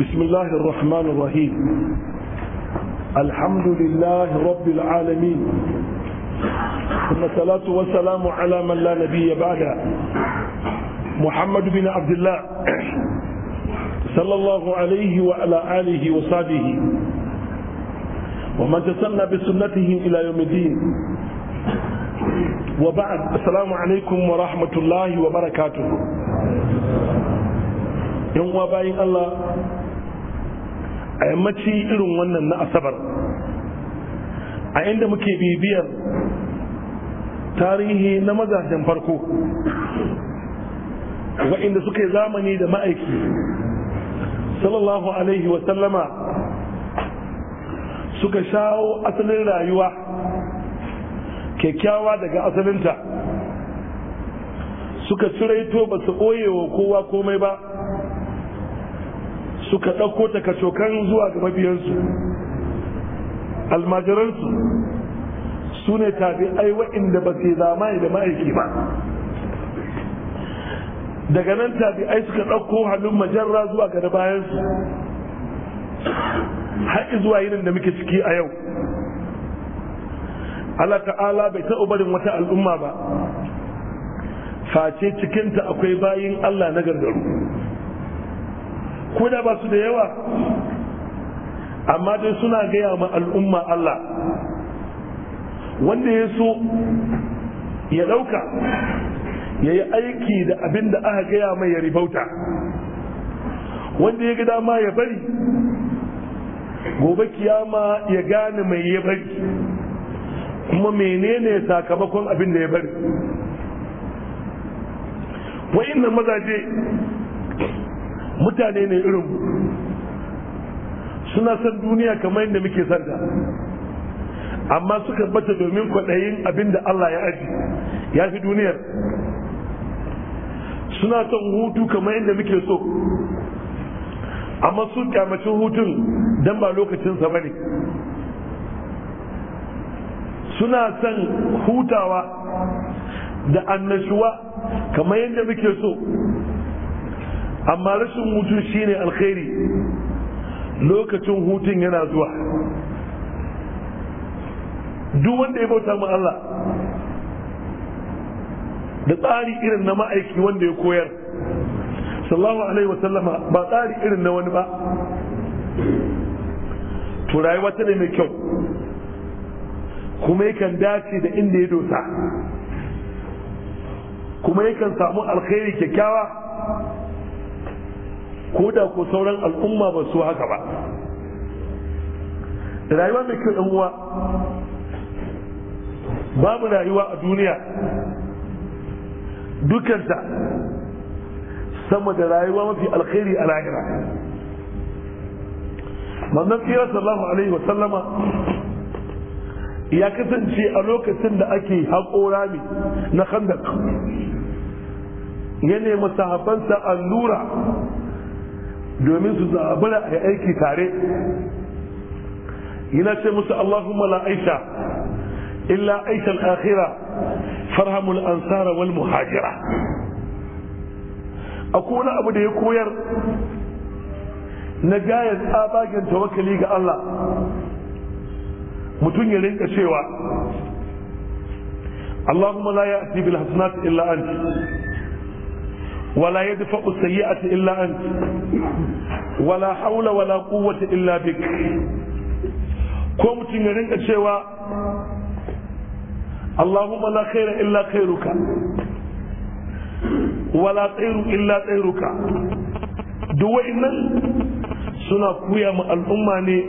بسم الله الرحمن الرحيم الحمد لله رب العالمين ثم الصلاة والسلام على من لا نبي بعده محمد بن عبد الله صلى الله عليه وعلى آله وصحبه ومن تسنى بسنته إلى يوم الدين وبعد السلام عليكم ورحمة الله وبركاته يوم وبعين الله a yammaci irin wannan na asabar a inda muke bibiyar tarihi na mazajen farko wa'inda suka yi zamani da ma'aiki sallallahu alaihi wasallama suka shawo asalin rayuwa kyakkyawa daga asalinta suka ciraito ba su ɓoyewa kowa komai ba suka ɗauko ta kacokan zuwa ga mabiyansu almajiransu su ne tafi ai da ba su zamani da ma'aiki ba daga nan tafi ai suka ɗauko hannun majarra zuwa ga bayansu haƙi zuwa yinin da muke ciki a yau Allah ta'ala bai taɓa barin wata al'umma ba face cikinta akwai bayin Allah na gargaru ko da ba su da yawa amma dai suna gaya ma al'umma Allah wanda ya so ya ɗauka ya yi aiki da abin da aka gaya mai ya ribauta wanda ya ga dama ya bari gobe kiyama ya gane mai ya bari kuma menene sakamakon abin da ya bari wa'in mazaje mutane ne irin suna san duniya kamar yadda muke santa amma suka bata domin kwaɗayin abin da Allah ya aji ya fi duniyar suna son hutu kamar yadda muke so amma sun kyamacin hutun don ba lokacinsa ba ne suna son hutawa da annashuwa kamar yadda muke so amma rashin hutu shine alkhairi lokacin hutun yana zuwa duk wanda ya bauta mu Allah da tsari irin na ma'aiki wanda ya koyar sallallahu alaihi wa sallama ba tsari irin na wani ba to rayuwa ta ne mai kyau kuma yakan dace da inda ya dosa kuma yakan samu alkhairi kyakkyawa ko da ko sauran al'umma ba su haka ba rayuwa mai kyau uwa babu rayuwa a duniya dukanta sama da rayuwa mafi alkhairi a lahira manzon tsira sallallahu alaihi wasallama ya kasance a lokacin da ake haƙo rami na khandak ya nemi sahabansa allura domin su zabura a aiki tare yana ce musu Allahumma la aisha illa aisha al-akhira farhamul ansara wal muhajira akwai wani abu da ya koyar na gaya tsabagen tawakkali ga Allah mutum ya rinka cewa Allahumma la ya'ti bil hasanati illa anta ولا يدفع السيئة إلا أنت ولا حول ولا قوة إلا بك كم تنرين أشوا اللهم لا خير إلا خيرك ولا طير إلا طيرك دوينا سنة قوية مع الأمة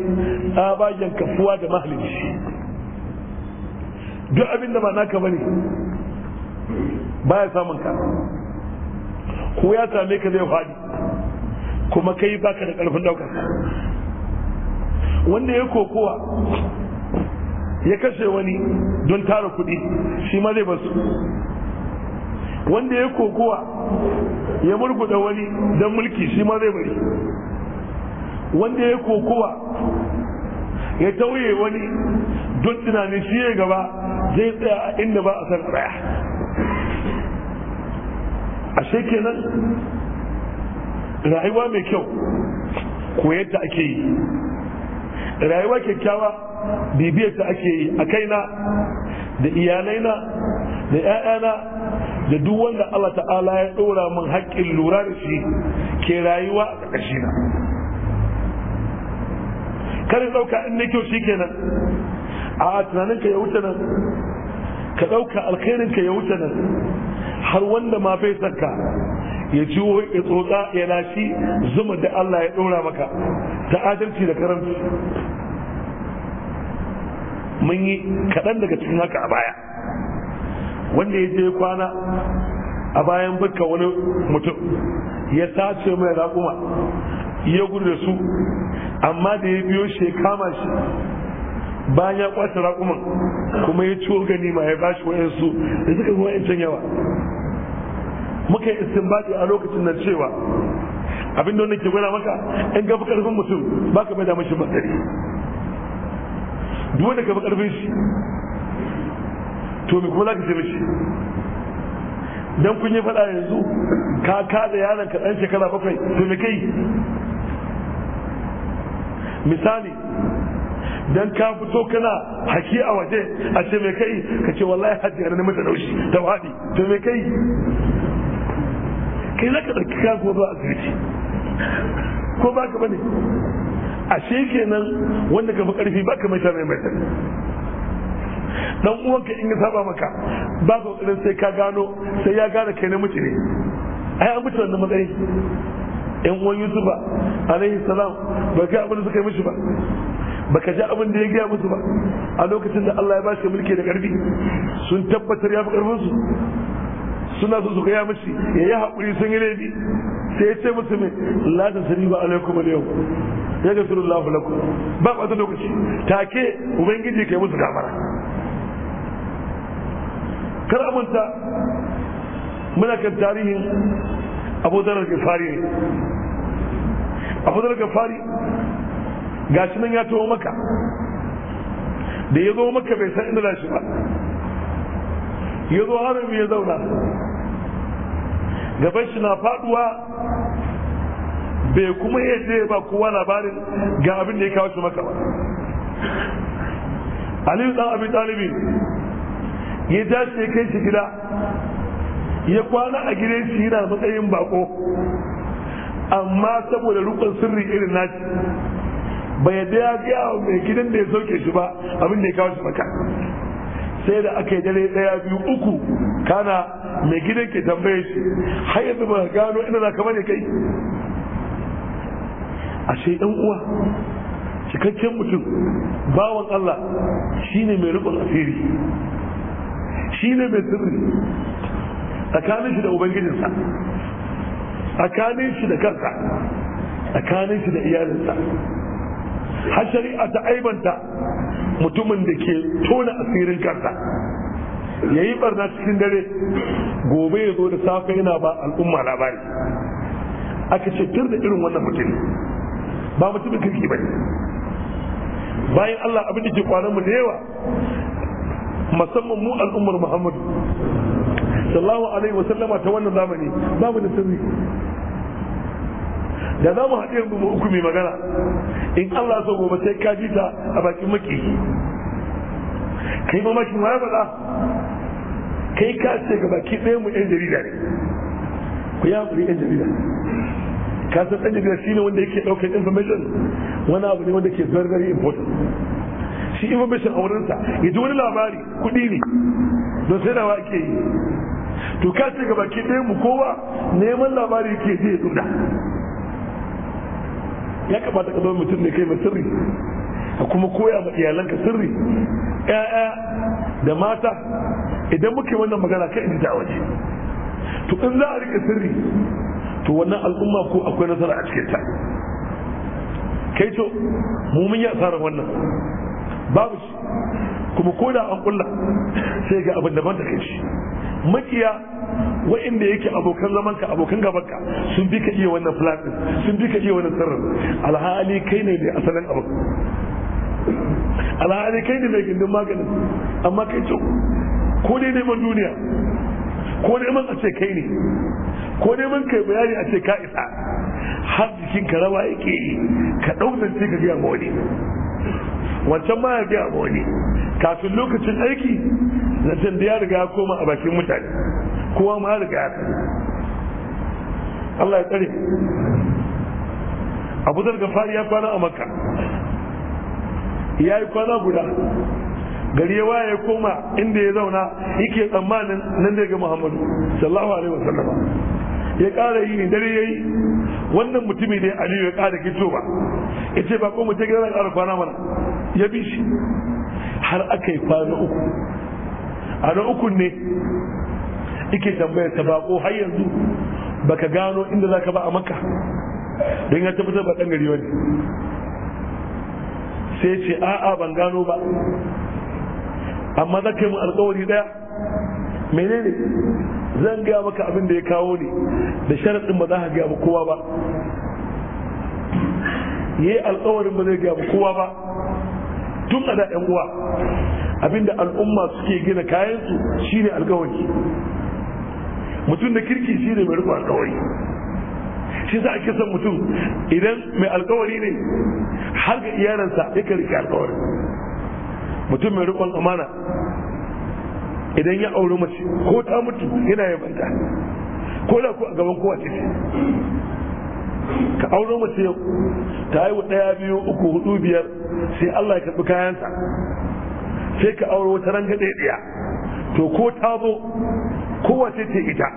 آبا tsabagen kafuwa da mahalici ما ناكبني da سامنك naka bane ko ya same ka zai faɗi kuma kai baka da ƙarfin ɗaukar wanda ya kokowa ya kashe wani don tara kuɗi shi ma zai basu wanda ya kokowa ya murguda wani don mulki shi ma zai bari wanda ya kokowa ya tauye wani don tunanin shi ya gaba zai tsaya a inda ba a san tsaya ashe kenan rayuwa mai kyau ko yadda ake yi rayuwa kyakkyawa bibiyar ta ake yi a kaina da iyalaina da 'ya'yana da duk wanda Allah ta'ala ya ɗora min haƙƙin lura da shi ke rayuwa a ƙarshe na kare ɗauka in na kyau shi kenan a tunaninka ya wuce nan ka ɗauka alkhairinka ya wuce nan har wanda ma bai sarka ya ji ya tsotsa ya lashi zuma da Allah ya ɗora maka ta adalci da karanci mun yi kaɗan daga cikin haka a baya wanda ya je kwana a bayan bukka wani mutum ya tace mai raƙuma ya gudu da su amma da ya biyo shi ya kama shi bayan ya kwace raƙuman kuma ya ciwo ganima ya bashi wayansu da suka zuwa yawa muka yi istinbadi a lokacin nan cewa abin da wannan ke gwada maka in gafi karfin mutum ba ka mai da mashi matsari duk wanda gafi karfin shi to mai kuma za ka ce mishi dan kun yi faɗa yanzu ka kada yaron ka ɗan shekara bakwai to me kai misali dan ka fito kana haki a waje a ce me kai ka ce wallahi hajji na mata daushi wadi to me kai kai za ka ɗauki kayan kuma zuwa asibiti ko ba ka bane ashe kenan wanda ka fi ƙarfi ba ka mai mai mai dan uwanka in ya saba maka ba ka ƙoƙarin sai ka gano sai ya gane kai na mutu ne ai an mutu wannan matsayi yan uwan yusufa alaihi salam ba ka abin da suka yi mishi ba ka ji abin da ya gaya musu ba a lokacin da Allah ya ba shi mulki da karfi sun tabbatar ya fi ƙarfinsu? su suna so su kaya mashi ya yi haƙuri sun yi laifi sai ya ce musu mai lati ta sani ba alaikum alaikum ya ga suna lafi lakum ba ɓata lokaci take ubangiji kai musu gafara kar muna kan tarihin abu da gafari ne abu da gafari gashi nan ya taho maka da ya zo maka bai san inda shi ba ya zo harami ya zauna gaban shi na faduwa bai kuma yadda ba kowa labarin ga abin da ya kawo shi maka ba aliyu dan abin talibi ya shi ya kai shi gida ya kwana a gire shi yana matsayin bako amma saboda rukun sirri irin na bai yadda ya gaya mai gidan da ya sauke shi ba abin da ya kawo shi maka sai da aka yi dare daya biyu uku kana mai gidan ke tambaye shi har yanzu ba gano ina na kama ne kai ashe dan uwa cikakken mutum bawan Allah shine mai rikon asiri shine mai sirri tsakanin shi da ubangijinsa tsakanin shi da kansa tsakanin shi da iyalinsa har shari'a ta aibanta mutumin da ke tona asirin kansa ya yi barna cikin dare gobe ya zo da safe yana ba al'umma labari aka ce tur da irin wannan mutum ba mutumin kirki ba bayan Allah abin da ke kwanan mu da yawa musamman mu al'ummar Muhammadu sallallahu alaihi wasallama ta wannan zamani babu da sirri da za mu haɗu yanzu mu hukumi magana in Allah so gobe sai ka ji ta a bakin maki kai mamakin wa ya faɗa kai ka ce ga baki ɗaya mu yan jarida ne ku ya haƙuri yan jarida ka san ɗan jarida shine wanda yake ɗaukar information wani abu ne wanda ke very very important shi information a wurinsa ya ji wani labari kuɗi ne don sai da wa ake yi to ka ce ga baki ɗaya mu kowa neman labari ke zai zuɗa ya kamata ka zama mutum ne kai ba sirri ka kuma koya ma iyalanka sirri ƴaƴa da mata idan muke wannan magana kai in ta waje to in za a rike sirri to wannan al'umma ko akwai nasara a cikin ta kai to mu mun yi asarar wannan babu shi kuma ko da an kulla sai ga abin daban da kai shi makiya wa'inda yake abokan zaman ka abokan gaban ka sun bi ka iya wannan flatin sun bi ka iya wannan sirrin alhali kai ne mai asalin abin alhali kai ne mai gindin maganin amma kai ce ko dai neman duniya ko neman a ce kai ne ko neman kai bayani a ce ka isa har jikin ka rawa yake ka ɗaunance ka gaya ma wani wancan ma ya gaya ma wani kafin lokacin aiki zancen da ya riga ya koma a bakin mutane kowa ma riga ya tsare Allah ya tsare abu zarga fari ya kwana a makka ya yi kwana guda gari ya waye koma inda ya zauna yake tsammanin nan daga muhammadu sallallahu alaihi wasallam ya kara yi dare ya yi wannan mutumi ne aliyu ya kara ba ya ce ba ko mu je gidan kara kwana mana ya bi shi har aka yi kwana uku a na uku ne ike tambayar ta bako har yanzu baka gano inda za ka ba a maka don ya tabbatar ba gari wani sai ce a'a ban gano ba amma za ka yi mu alkawari daya menene zan gaya maka abin da ya kawo ne da sharaɗin ba za ka gaya ba kowa ba yi alkawarin ba zai gaya ba kowa ba tun a da yan uwa abinda al'umma suke gina kayansu shine alkawari mutum da kirki shine mai rufe alkawari shi za a kisan mutum idan mai alkawari ne har ga iyalansa yakan rike alkawari mutum mai rikon amana idan ya auri mace ko ta mutu yana yabanta ko da ku a gaban kowa ce ka auro mace ta haihu ɗaya biyu uku hudu biyar sai Allah ya karɓi kayanta sai ka auro wata ranga ɗaya to ko ta zo kowace ce ita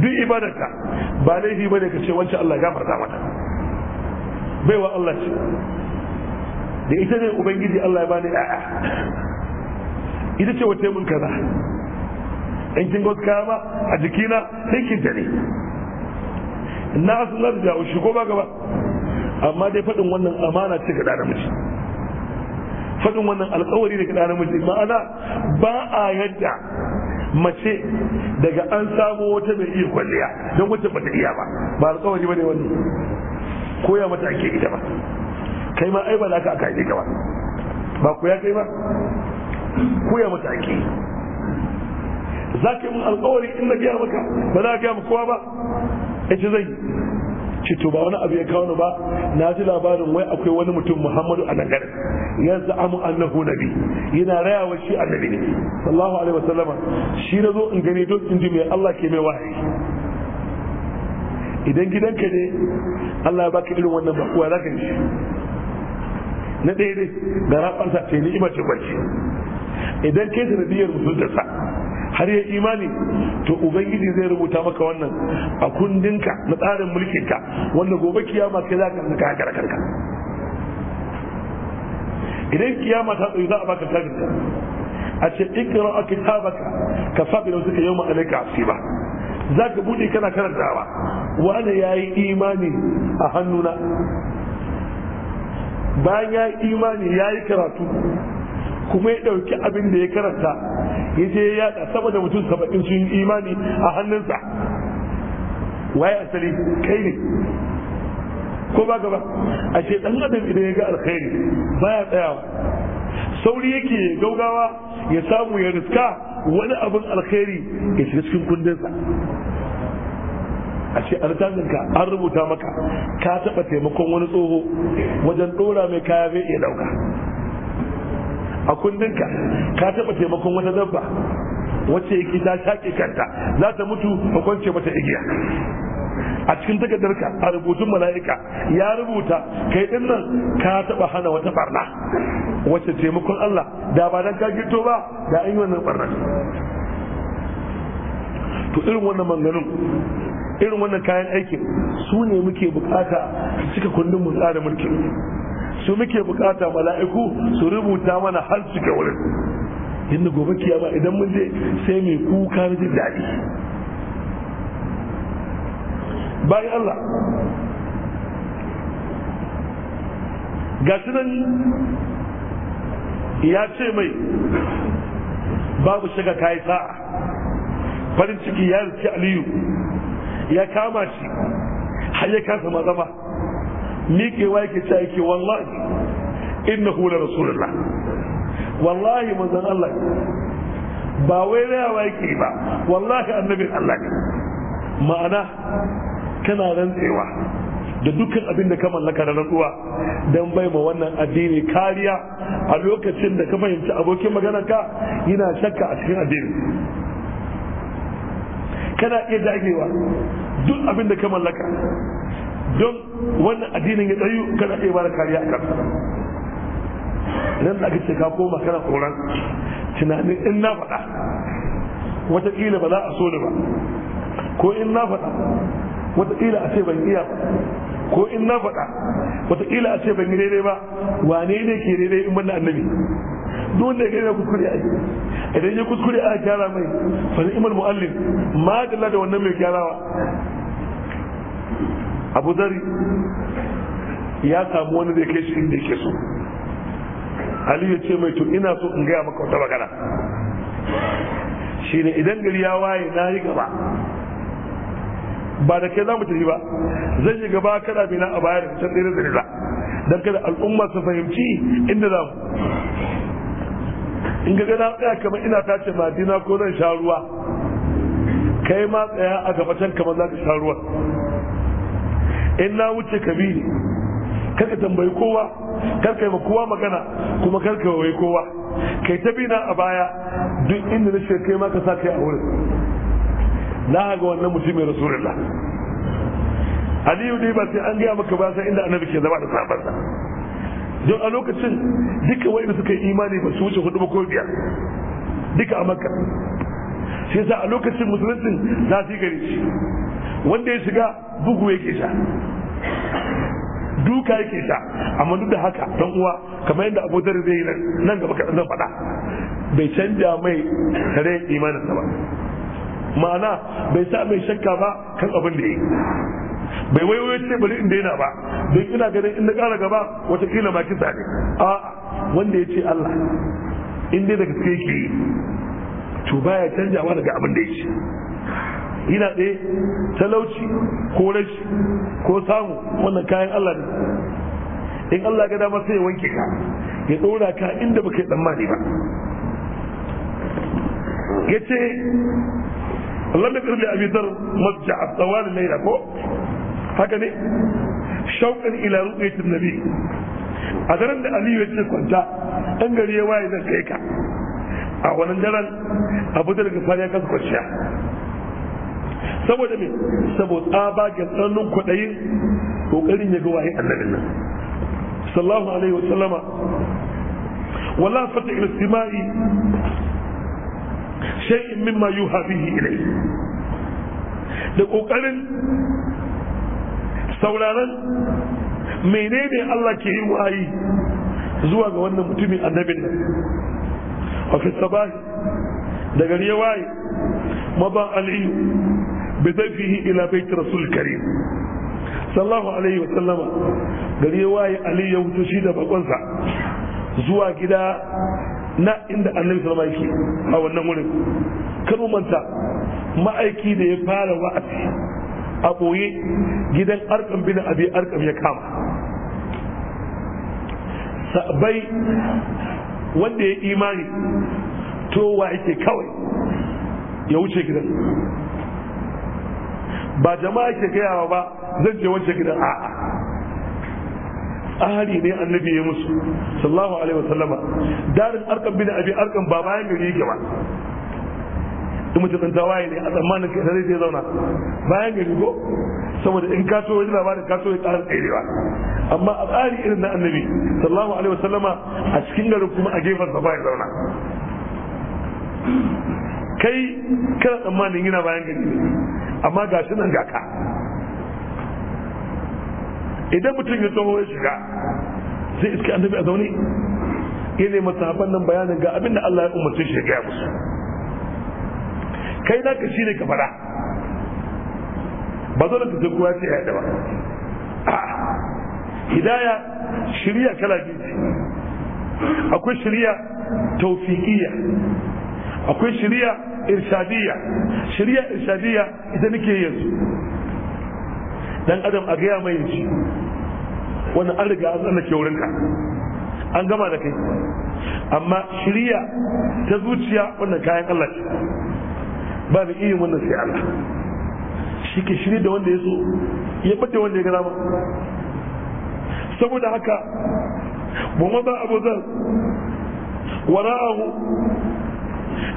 duk ibadarta ba laifi ba ne ka ce wancan Allah ya gafarta mata baiwa Allah ce da ita ne ubangiji Allah ya bani a'a ita ce wata mun kaza in kin ga ba a jikina sai kin ne na sun na da shi ko ba gaba amma dai faɗin wannan amana ce ga ɗa namiji faɗin wannan alƙawari da ga ɗa namiji ma'ana ba a yadda mace daga an samu wata mai iya kwalliya don wacce bata iya ba ba alƙawari bane wannan koya mata ake ita ba kai ma ai ba za ka aka ita ba ba ku ya kai ba koya mata ake za ka yi mun alƙawari in na gaya maka ba za ka gaya kowa ba ya zai ce to ba wani abu ya kawo ba na ji labarin wai akwai wani mutum muhammadu a nan garin ya za'amu annahu nabi yana raya wa shi annabi ne sallallahu alaihi wasallama shi na zo in gani don in ji mai allah ke mai wahayi idan gidanka ne allah ya baka irin wannan bakuwa za ka ji na ɗaya ne ga rafansa ce ni ima ce idan kai sanadiyar musulunta har ya imani to ubangiji zai rubuta maka wannan a kundinka na tsarin mulkinka wanda gobe kiyama sai za ka zaka haka karka. idan kiyama ta tsaye za a baka tabinka a ce ikira a kitabaka ka sabi da suka yau ma'alaika asiba za ka buɗe kana karantawa wani ya yi imani a hannuna bayan ya yi imani ya yi karatu kuma ya ɗauki abin da ya karanta yaje ya yada sama mutum saba'in sun imani a hannunsa waye asali kai ne ko ba gaba a ce ɗan adam idan ya ga alkhairi baya tsayawa sauri yake gaugawa ya samu ya riska wani abin alkhairi ya shiga cikin kundinsa a ce a an rubuta maka ka taɓa taimakon wani tsoho wajen ɗora mai kaya bai iya ɗauka a kundinka ka taɓa taimakon wata dabba wacce yake ta shaƙe kanta za ta mutu a kwance mata igiya a cikin takardarka a rubutun mala'ika ya rubuta kai din nan ka taba hana wata barna wacce taimakon Allah da ba dan ka gito ba da an yi wannan barna to irin wannan manganin irin wannan kayan aikin su ne muke bukata cika kundin mu tsara mulkin su muke bukata mala'iku su rubuta mana har ga wurin inda gobe kiyama idan mun je sai mai kuka jin daɗi bayan Allah ga nan ya ce mai babu shiga kayi sa'a farin ciki ya riski aliyu ya kama shi har ya kasa mazama wa yake ta yake wallahi innahu la rasulullah wallahi manzon Allah ba wai rayawa yake ba wallahi annabin Allah ma'ana kana rantsewa da dukkan abin da ka mallaka da rantsuwa don bai ma wannan addini kariya a lokacin da ka fahimci abokin maganarka yana shakka a cikin addini kana iya dagewa duk abin da ka mallaka don wannan addinin ya tsayu kana ba da kariya a kansa nan da ake ce ka koma kana tsoron tunanin in na faɗa wataƙila ba za a so ni ba ko in na faɗa wataƙila a ce ban iya ba ko in na faɗa wataƙila a ce ban yi daidai ba wane ne ke daidai in wannan annabi duk wanda ya gani kuskure a idan ya kuskure a gyara mai fa ni'mal mu'allim ma da wannan mai gyarawa abu zari ya samu wani zai kai shi inda yake so ali ya ce mai to ina so in gaya maka wata magana shine idan gari ya waye na yi gaba ba da kai za mu tafi ba zai yi gaba kada na a baya da can tsere tsere da don kada al'umma su fahimci inda za mu in ga gana tsaya kamar ina tace madina ko zan sha ruwa kai ma tsaya a gaba can kamar za ka sha ruwa. in na wuce bi karka tambayi kowa karka yi ma kowa magana kuma karka yi kowa kai ta bina a baya duk inda na shirka ma ka sa kai a wurin na ga wannan mutumin rasulullah aliyu ne ba sai an gaya maka ba sai inda annabi ke zama da da, don a lokacin duka wanda suka yi imani ba su wuce hudu ba ko biyar duka a makka shi yasa a lokacin musulunci za su yi gari shi wanda ya shiga bugu yake sha duka yake sha amma duk da haka dan uwa kamar yadda Abu Dharr zai nan gaba kaɗan zan faɗa bai canja mai imanin sa ba ma'ana bai sa mai shakka ba kan abin da yi bai waiwayo ce bari in daina ba bai ina ganin in na ƙara gaba watakila ma kisa ne a wanda ya ce Allah in dai daga gaske yake to baya canjawa daga abin da ya ce yana ɗaya talauci ko rashi ko samu wannan kayan Allah ne in Allah ga dama sai ya wanke ka ya ɗora ka inda baka yi tsammani ba ya ce Allah da ƙarfi a bitar masja a ko haka ne shauƙan ila ruƙetin nabi a daren da aliyu ya ce kwanta ɗan gari ya waye zan kai ka a wannan daren abu da daga ya kasa kwanciya saboda me saboda tsabagen tsananin kwaɗayin ƙoƙarin ya ga waye annabin nan sallallahu alaihi wa sallama wala fata ila istima'i shay'in mimma yuha bihi ilai da ƙoƙarin sauraron menene Allah ke yi wa'ayi zuwa ga wannan mutumin annabin nan wa fi sabahi da gari waye maban aliyu بضيفه إلى بيت رسول الكريم صلى الله عليه وسلم قال يواي علي يوتشيد بقنصة زوا كده na inda annabi sallama yake a wannan wurin kar mu manta ma'aiki da ya fara wa'azi a boye gidan arkam bin abi arkam ya kama sabai wanda ya imani to wa yake kawai ya wuce gidan ba jama'a ke gayawa ba zan je wancan gidan a'a ahali ne annabi ya musu sallallahu alaihi wasallama darin arkan bin abi arkan ba bayan gari ke ba in mutum ɗan tawaye ne a tsammanin ka sai zai zauna bayan gari ko saboda in ka so wani labarin ka so ya ƙara ƙairewa amma a tsari irin na annabi sallallahu alaihi wasallama a cikin garin kuma a gefen sa ya zauna kai kana tsammanin yana bayan gari amma ga shi nan ga ka idan mutum ya tsoho ya shiga sai iska annabi a zaune ya ne masahaban nan bayanin ga abin da Allah ya umarce shi ya gaya musu kai naka Ka ne ka fara ba zo da ka kowa ce ya ba hidaya shirya kala biyu akwai shirya taufiqiyya akwai shirya irshadiyya shari'a irshadiyya ita nake yanzu dan adam a gaya mai shi wannan an riga an tsallake wurinka an gama da kai amma shirya ta zuciya wannan kayan Allah ce ba da iya wannan sai Allah shi ke shirya da wanda ya so ya bada wanda ya gana ba saboda haka ba maza abu zan wara'ahu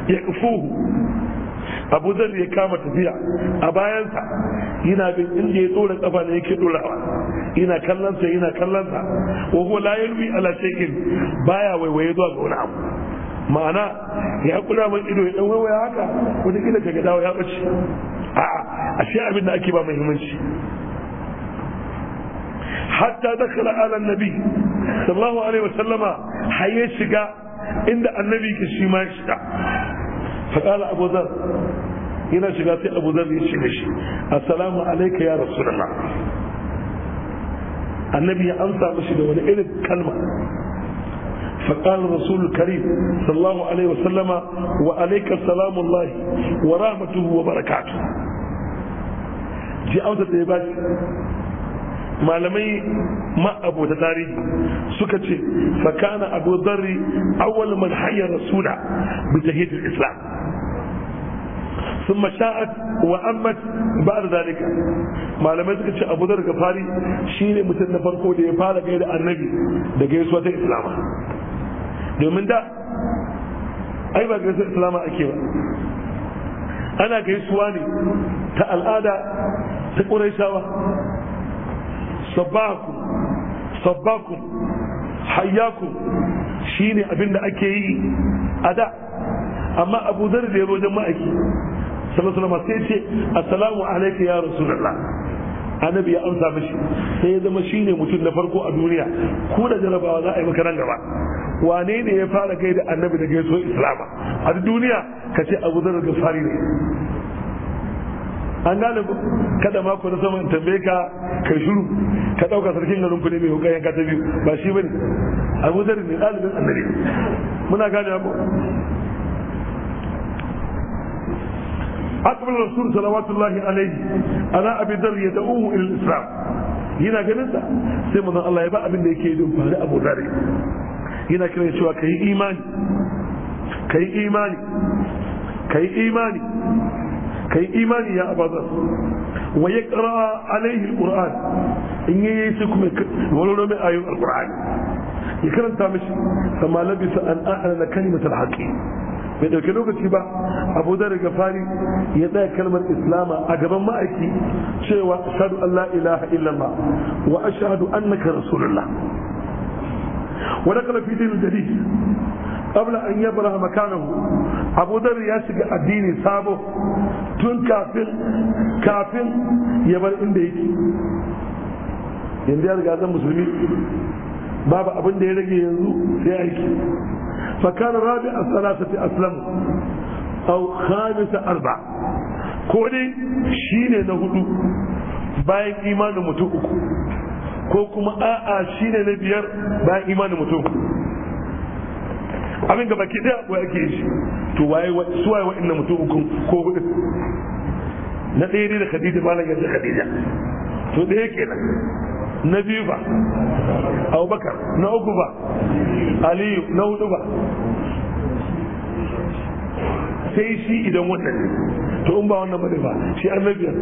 ya kufuhu abu zar ya kama tafiya a bayansa ina bin inda ya tsora kafa ne yake dorawa yana kallonsa yana kallonsa wa huwa la yalwi ala shay'in baya waiwaye zuwa ga wani abu ma'ana ya kula man ido ya dan waiwaye haka wani kila kaga dawo ya bace a'a ashe abin da ake ba muhimmanci hatta dakhala ala nabi sallallahu alaihi wasallama haye shiga inda annabi ke shi ma shiga faƙala abu zan yana shiga sai abu zan yi shiga shi assalamu alaikai ya rasu da annabi ya amsa mashi da wani irin kalma فقال الرسول الكريم صلى الله عليه وسلم وعليك السلام الله ورحمته وبركاته جاء أوزة إيباد malamai ma ma'abota tarihi suka ce fakana abu zarri awwal man hayya rasula bi tahiyatul islam ثم شاءت وأمت بعد ذلك ما لم يذكر شيء أبو ذر الغفاري شيء متن فرقو دي غير النبي ده غير سوى الإسلام domin da ai ba gaisuwa islama ake ba ana gaisuwa ne ta al'ada ta ƙuraishawa sabbakum sabbakum hayyakum shine abin da ake yi a da amma abu zar da ya wajen ma'aiki sallallahu sai ce assalamu alaikum ya rasulullah annabi ya amsa mishi sai ya zama shine mutum na farko a duniya ko da jarabawa za a yi maka nan gaba wane ne ya fara kai da annabi da gaiso islama a duniya ka ce abu zar da fari ne an gane ku kada ma ku na saman tambaye ka ka shiru ka dauka sarkin garin ku ne mai hukayen ka ta biyu ba shi bane Abu zari ne dalibin annabi muna gane ku أقبل الرسول صلوات ana عليه على أبي ذر يدعوه ila islam yana ganin sa sai manzon Allah ya ba abin da yake don faru Abu zari yana kira cewa kai imani kai imani kai imani kai imani ya abazar wa ya ƙara alaihi alƙur'an in yi yi sai kuma walwalo mai ayon alƙur'ani ya karanta mishi amma labisa an ahana na kalimatar bai ɗauke lokaci ba abu da daga fari ya tsaya kalmar islama a gaban ma'aiki cewa ashadu allah ilaha illallah wa ashadu annaka rasulullah wa dakala fi din jadid qabla an yabra makanahu abu dhar ya shiga addini sabo tun kafin kafin ya bar inda yake yanzu ya riga zan musulmi babu abin da ya rage yanzu sai aiki rabi al الثلاثة aslam أو خامسة arba ko dai shi na hudu bayan imanin mutum uku ko kuma a'a shine na biyar bayan imanin mutum uku abin gaba baki daya ko yake shi to waye su waye wa'annan mutum ko hudu na ɗaya ne da Khadija malam yadda Khadija to ɗaya kenan na biyu ba Abubakar na uku ba Aliyu na hudu ba sai shi idan wannan ne to in ba wannan bane ba shi annabiyar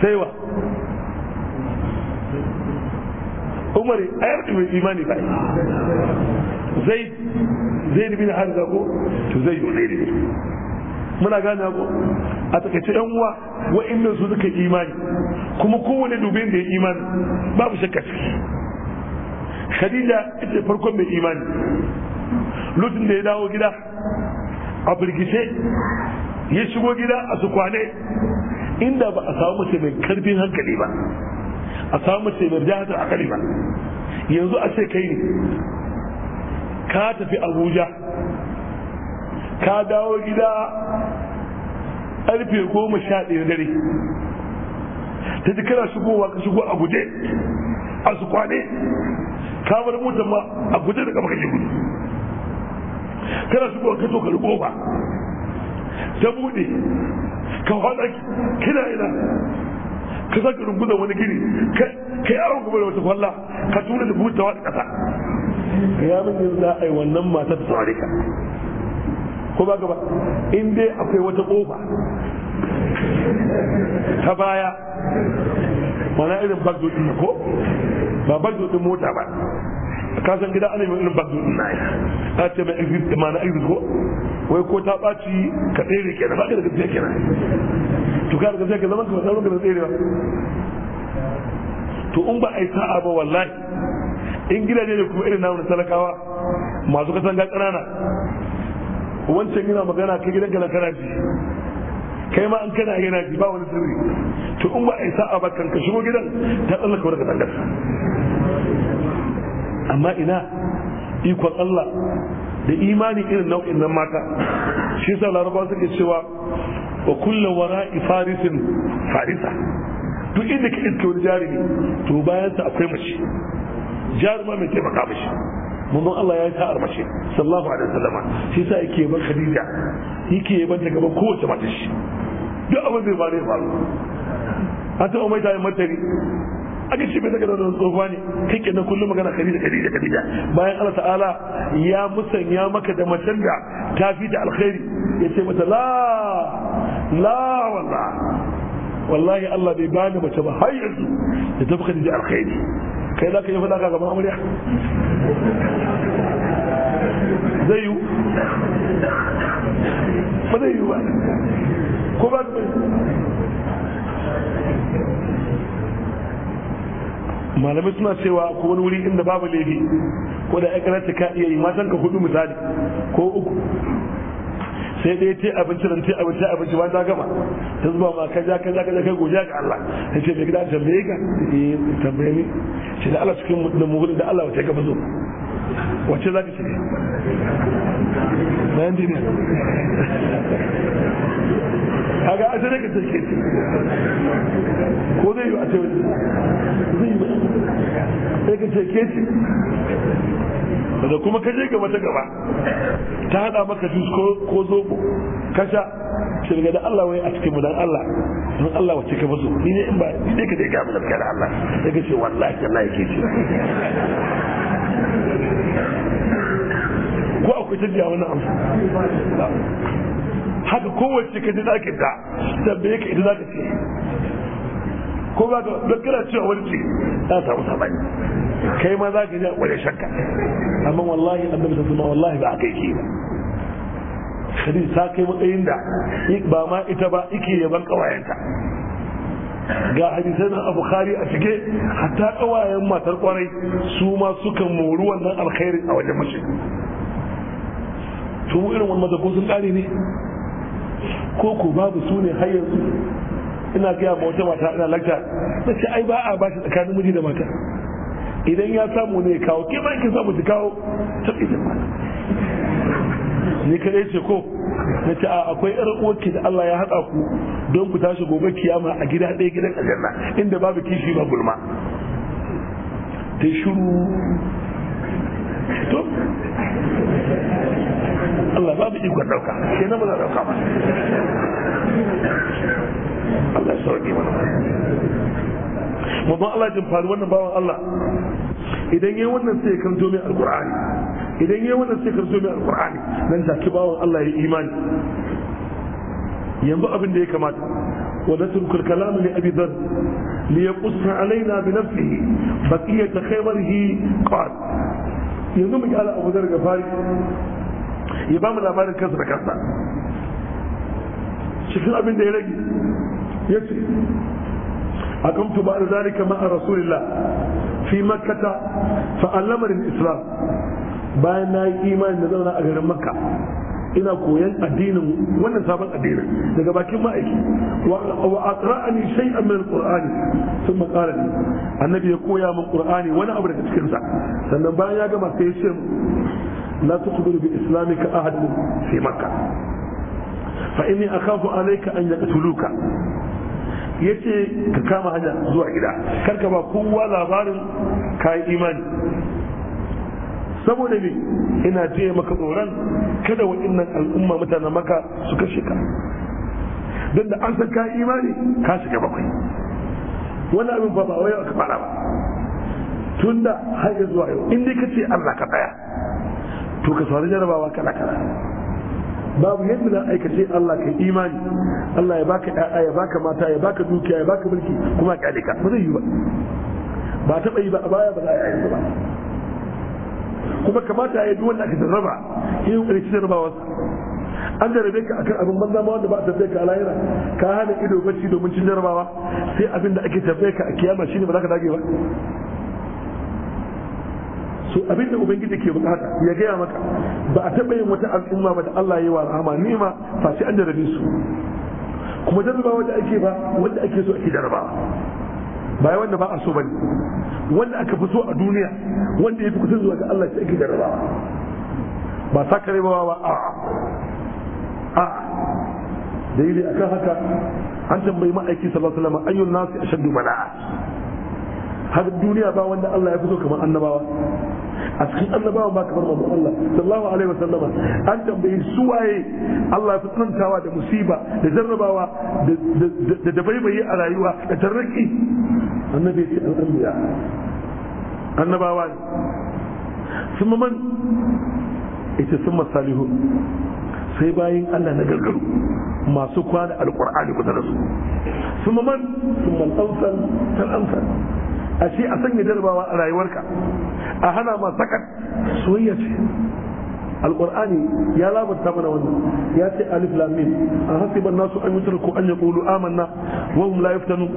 sai wa umar ayar mai imani ba Zai ribi na har harza ko to zai yi ne muna gane ko a takaice yan uwa wa'annan su suka imani kuma kowane dubin da ya imani babu shakka ciki khadija ita farkon mai imani lokacin da ya dawo gida a birgice ya shigo gida a su kwane inda ba a samu mace mai karfin hankali ba a samu mace mai jahatar akali ba yanzu a ce kai ne ka tafi abuja ka dawo gida ƙarfe goma sha ɗaya dare ta ji kana shigowa ka shigo a guje a su kwane ka bar mota ma a guje da kama kake gudu kana shigowa ka to ka rigo ba ta buɗe ka faɗa kina ina ka zaka rungunan wani gini ka yi aron gaba da wata kwalla ka tura da buta ta ƙasa ya min yin za a yi wannan matar ta saurare ko ba gaba in dai akwai wata kofa ta baya mana irin bagdo na ko ba bagdo mota ba ka san gida ana yi irin bagdo din na ya ce mai exit mana exit ko wai ko ta ɓaci ka tsere kenan ba ka da gaskiya kenan to ka da gaskiya ka zaman ka ba ka da tsere ba to in ba a yi sa'a ba wallahi in gidaje ne kuma irin namun talakawa masu ga ƙanana wancan yana magana ka gidan ka kana ji kai ma an kana yana ji ba wani sirri to in ba a isa a bakan ka shigo gidan ta tsallaka ka katangar amma ina ikon Allah da imani irin nau'in nan mata shi sa laraba suke cewa wa kullum wara'i farisin farisa duk inda ka iske wani jari ne to bayansa akwai mace jaruma mai taimaka mishi mun Allah ya yi ta'ar mace sallallahu alaihi wasallama shi yasa yake ban Khadija yake ban ta gaban kowace mata shi duk abin da ba zai faru an taɓa mai tayin martani aka ce bai daga da tsofa ne kai kenan kullum magana Khadija Khadija Khadija bayan Allah ta'ala ya musanya maka da macen da ta fi da alkhairi ya ce mata la la wallahi wallahi Allah bai bani mace ba har yanzu da tafi Khadija alkhairi kai za ka yi faɗa gaban amarya zai yiwu ba zai yiwu ba ko ba zai malamai suna cewa ko wani wuri inda babu laifi ko da ya karanta ka iya yi matanka hudu misali ko uku sai dai ta abinci nan ta abinci ta abinci ba ta gama ta zuba ma kaja kaja kaja kai godiya ga Allah ta ce mai gida tambaye ka eh tambaye ni ce da Allah cikin da mugun da Allah wace ka fi wace za ka ce na yanzu ne kaga a tare ka ke ko zai a ce zai ba sai ka ce ke ce daga kuma kaje je gaba ta gaba ta hada maka jus ko zobo kasha sha shirga da Allah wai a cikin mu dan Allah don Allah wace ka bazo ni ne in ba ni ne ka dai ga mu da Allah sai ka ce wallahi Allah yake ce ko akwai ta tafiya wani amsa haka kowace ka ji za ka da tambaye ka ita za ka ce ko ba ka don kana cewa wani ce ta samu sabani kai ma za ka ji wani shakka amma wallahi annabi sallallahu wallahi ba kai ke ba hadisi ta kai matsayin da ba ma ita ba ike yaban kawayenta ga hadisai na bukhari a cike hatta kawayen matar kwarai su ma suka mori wannan alkhairi a wajen mace to irin wannan da sun kare ne ko ko babu su ne har yanzu ina gaya ma wata mata ina lakta ta ce ai ba a ba shi tsakanin miji da mata idan ya samu ne kawo ke ma ki samu ki kawo ta idan ma ni kadai ce ko na ce a akwai irin uwarki da Allah ya haɗa ku don ku tashi gobe kiyama a gida ɗaya gidan aljanna inda babu kishi ba gulma ta shiru to Allah babu ikon ɗauka sai na ba za ɗauka ba Allah ya sauke mana manzon Allah jin faru wannan bawan Allah idan yi wannan sai ya zo mai alkur'ani idan yi wannan sai ya karanto mai alkur'ani nan ki bawan Allah ya imani yanzu abin da ya kamata ونترك na لأبي ذر ليقص علينا ta بقية خيره قال yanzu mu kyala abu zarga fari ya ba mu labarin kansa da kansa cikin abin da ya rage ya ce أقمت بعد ذلك مع رسول الله في مكة فعلمني الإسلام bayan na yi imani da zauna a garin makka ina koyan addinin wannan sabon addinin daga bakin ma'aiki wa aqra'ani shay'an min alqur'ani thumma qala li annabi ya koya min qur'ani wani abu daga cikin sa sannan bayan ya gama sai ya ce la tuqbilu bi islamika ahad fi makka fa inni akhafu alayka an yaqtuluka ya ce ka kama hanya zuwa gida karka ba kowa labarin kayan imani saboda me ina je maka tsoron kada waɗannan al'umma mutanen maka su kashe ka don da an san kayan imani ka shiga bakwai wani abin ba ba wai aka fara ba tun da har zuwa yau in dai ka ce Allah ka tsaya to ka sauri jarabawa kala kala babu yadda za aikace Allah ka imani Allah ya baka ƴaƴa ya baka mata ya baka dukiya ya baka mulki kuma ka ka ba zai yi ba ba taba yi ba a baya ba za a yi ba kuma kamata ya yi duk wanda aka jarraba yin ƙarshe jarrabawa an jarabe ka akan abin banza ma wanda ba a tambaye ka a ka hana ido bacci domin cin jarrabawa sai abin da ake tambaye ka a kiyama shine ba za ka dage ba so abinda ubangiji ke bukata ya gaya maka ba a taba yin wata al'umma ba da Allah ya yi wa rahama nima face an jarabe su kuma ba da ake ba wanda ake so ake jarabawa ba ya wanda ba a so bane wanda aka fi so a duniya wanda ya fi kusa zuwa ga Allah shi ake jarabawa ba sa kare ba a a dai akan haka an tambayi ma'aiki sallallahu alaihi wasallam ayyun nasi ashaddu mala'a har duniya ba wanda Allah ya fi so kamar annabawa a cikin annabawa ba kamar manzon Allah sallallahu alaihi wasallam an tambayi su waye Allah ya fi tsanantawa da musiba da jarrabawa da dabaibayi a rayuwa da tarraki annabi ya ce al'ambiya annabawa ne sun man ita sun masalihu sai bayan Allah na gargaru masu kwana alƙur'ani kusa da su sun maman sun man amsal a ce a sanya jarabawa a rayuwarka a hana ma sakat soyayya ce alqur'ani ya labarta mana wannan ya ce alif lam mim ahasiba an-nasu an yusraku an yaqulu amanna wa hum la yuftanun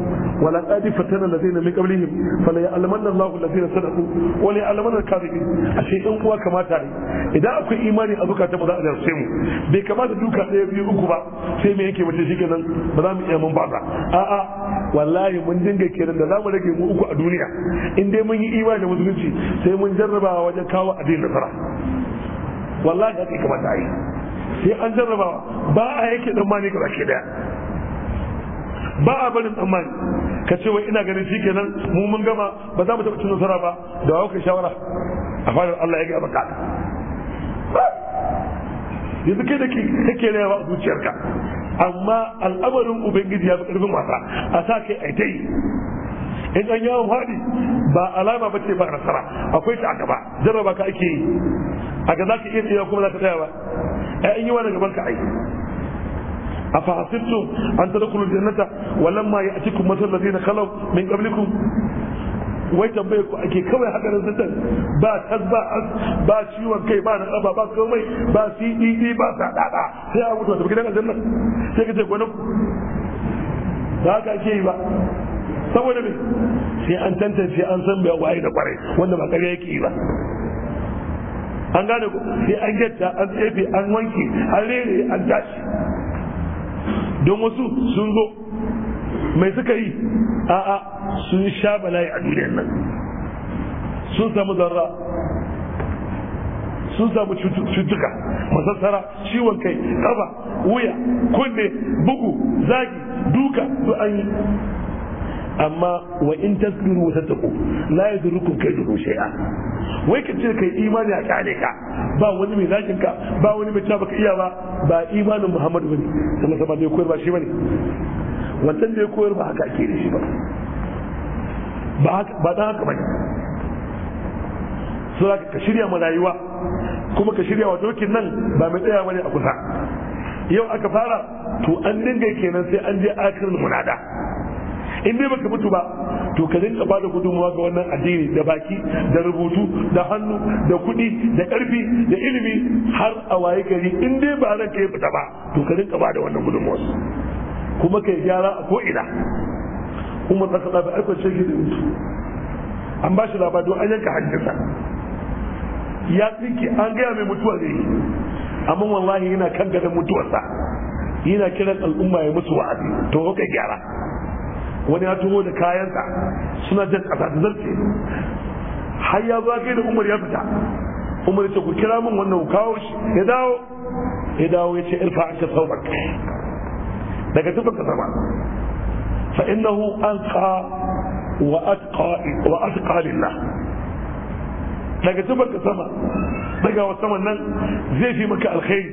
wa laqad fatana alladhina min qablihim fala ya'lamanna Allahu alladhina sadaqu wa la ya'lamanna al-kadhibin ashe in kuwa kamata ne idan akwai imani a zukata ba za a darse mu bai kamata duka ɗaya biyu uku ba sai me yake mace shikenan ba za mu iya mun ba a'a wallahi mun dinga kenan da zamu rage mu uku a duniya in dai mun yi iwa da musulunci sai mun jarrabawa wajen kawo addinin nasara wallahi da kamata mata yi sai an jarrabawa ba a yake mani gaba ke daya ba a barin tsammani ka ce wai ina ganin shikenan mu mun gama ba za mu taɓa cin nasara ba da wa kai shawara a fadar Allah ya ga baka yanzu kai da kake rewa a zuciyarka amma al'amarin ubangiji ya fi karfin wasa a sa kai ai dai in an yawon haɗi ba alama ba ce ba nasara akwai ta a gaba jarraba ka ake yi a ga za ka iya tsaye kuma za ka tsaya ba ai eh, an yi wani gaban ka ai walamma ya a cikin ولما da zai na kalau min قبلكم wai tambaye ku ake kawai haka nan dan ba tas ba ba ciwon kai ba na kafa ba komai ba CDD e e, ba sadada sai a mutu tafi gidan aljanna sai ka ce gwanin ba aka ake yi ba saboda me sai an tantance an san bai waye da kwarai wanda ba ƙarya yake yi ba an gane ku sai an gyatta an tsefe an wanke an rere an tashi don wasu sun zo mai suka yi a'a sun sha bala'i a duniyar nan sun samu zarra sun samu cututtuka masassara ciwon kai kafa wuya kunne bugu zagi duka su an yi amma wa in tasbiru wa tattaqu la yadurukum kayduhu shay'a wai ka ce kai imani a kare ka ba wani mai zakin ka ba wani mai baka iya ba ba imanin Muhammadu bane sama sama ne koyar ba shi bane wannan da ya koyar ba haka ake da shi ba ba dan haka bane sura ka shirya ma rayuwa kuma ka shirya wa dokin nan ba mai tsaya bane a kusa yau aka fara to an dinga kenan sai an je akirin munada in dai baka mutu ba to ka dinga ba da gudunmawa ga wannan addini da baki da rubutu da hannu da kuɗi da karfi da ilimi har a waye gari in dai ba ranka ya fita ba to ka dinga ba da wannan gudunmuwa kuma kai gyara a ko'ina kuma tsaka tsabi aikon shirki da mutu an ba shi labarin an yanka hannunsa ya tsinki an gaya mai mutuwa ne amma wallahi yana kan gadon mutuwarsa yana kiran al'umma ya musu wa'azi to kai gyara wani ya tuho da kayansa suna jan kasa da zarce har ya zo kai da umar ya fita umar ya ce ku kira min wannan kawo shi ya dawo ya dawo ya ce irfa ka saubaka daga tufan ka sama fa innahu anqa wa atqa wa atqa lillah daga tufan sama daga wannan nan zai fi maka alkhairi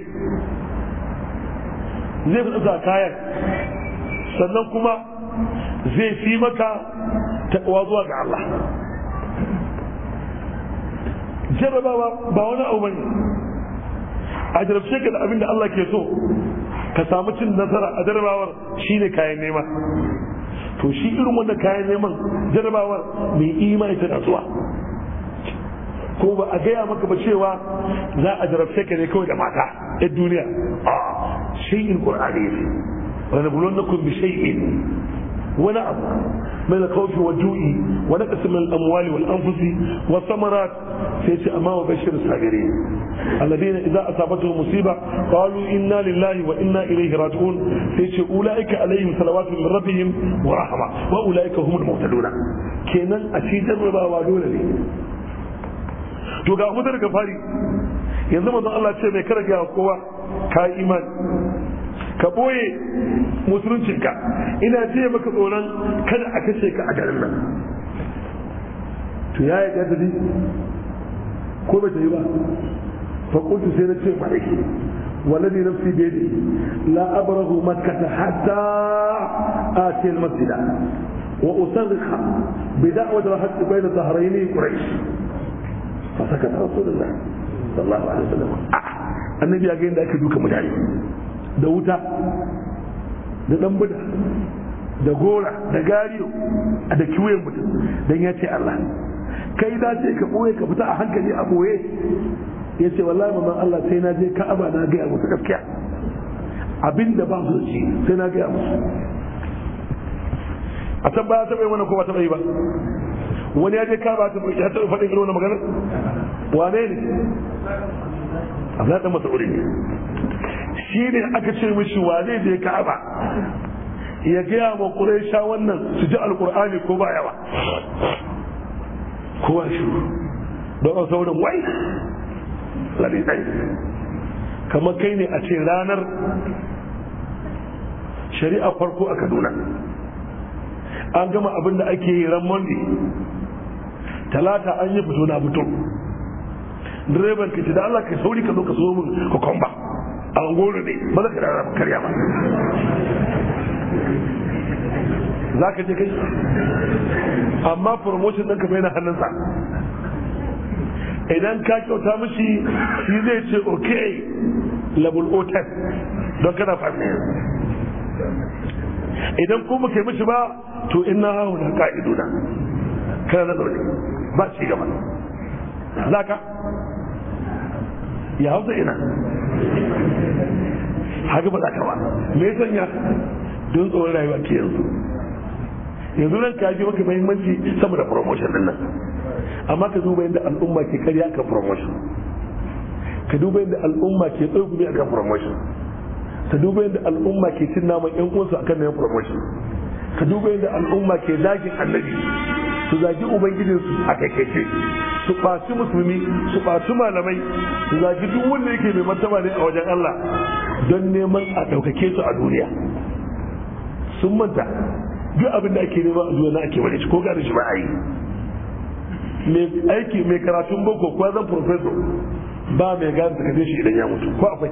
zai fi da kayan sannan kuma zai fi maka takwa zuwa ga Allah jarrabawa ba wani abu bane a jarabce ka da abin da Allah ke so ka samu cin nasara a jarabawar shi ne kayan nema to shi irin wanda kayan neman jarabawar mai imani da zuwa ko ba a gaya maka ba cewa za a jarabce ka ne kawai da mata yan duniya a shay'in qur'ani wani bulon na kun bi in? wani abu من الخوف والجوع ونقص من الاموال والانفس والثمرات سيتي امام بشر الصابرين الذين اذا اصابتهم مصيبه قالوا انا لله وانا اليه راجعون سيتي اولئك عليهم صلوات من ربهم ورحمه واولئك هم المهتدون kenan a ci jarrabawa dole ne to ga mu daga fari yanzu manzon Allah ce mai karaga kowa ka imani ka ɓoye musuluncinka ina ce maka tsoron kada a kashe ka a garin nan to ya yi gadadi ko bai ta yi ba fakultu sai na ce ba Wala walladhi nafsi bi yadi la abrahu makkata hatta ati al masjid wa bai usarriha bi da'wati rahat bayna dhahrayn quraish fa sakata rasulullah sallallahu alaihi wasallam ah, annabi ya ga inda ake duka mutane da wuta da dan buda da gora da gariyo da kiwon mutum don ya ce Allah kai za ce ka ɓoye ka fita a hankali a ɓoye ya ce wallahi mamman Allah sai na je ka'aba na gaya musu gaskiya abin da ba su ci sai na gaya musu a can baya taɓa yi mana ko ba taɓa yi ba wani ya je ka'aba ta bai ya taɓa faɗin irin wani maganar wane ne abla masa wuri ne shi ne aka ce mishi wane ne ka'aba ya gaya wa sha wannan su ji alqur'ani ko ba yawa kowa shi don saurin wai lalitai kamar kai ne a ce ranar shari'a farko a kaduna an gama abin da ake yi ran monday talata an yi fito na fito direban ka ce da Allah ka sauri ka zo ka so min kokomba a goro ne ba za ka da rabu karya ba za ka je kai amma promotion ɗin ka bai na hannunsa idan ka kyauta mashi shi zai ce ok labul otel don kana fami idan kuma kai mashi ba to ina hauna ka'iduna kana na zaune ba ci gaba za ka ya hausa ina haka ba za ka ba me ya? don tsoron rayuwa ke yanzu yanzu nan ka ji maka mahimmanci sama da promotion din nan amma ka duba yadda al'umma ke karya ka promotion ka duba yadda al'umma ke tsogumi a kan promotion ka duba yadda al'umma ke cin naman yan uwansu a kan promotion ka duba yadda al'umma ke zagin annabi su zagi ubangijinsu a kaikaice su ɓaci musulmi su ɓaci malamai su zaki duk wanda yake mai martaba ne a wajen Allah don neman a ɗaukake su a duniya sun manta duk abin da ake nema a duniya ake wani ko gane shi ba a yi mai aiki mai karatun boko ko zan professor ba mai gane daga shi idan ya mutu ko akwai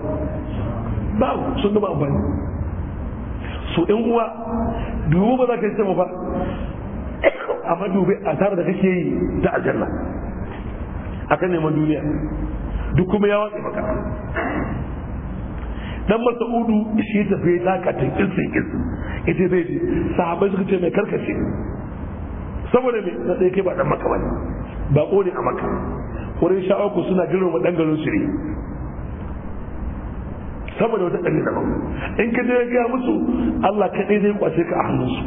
ba sun gaba amfani su in uwa dubu ba za ka yi sama ba amma a asarar da kake yi ta aljanna akan neman duniya duk kuma ya wace maka dan masaudu shi ya tafi ya ta tinkin sinkin ita zai ji sahabai suka ce mai karkace saboda me na tsaye kai ba dan maka bane ba ne a maka wurin sha'aku suna girma dan garin shiri saboda wata ɗari daban in ka je ya gaya musu Allah kaɗai zai kwace ka a hannunsu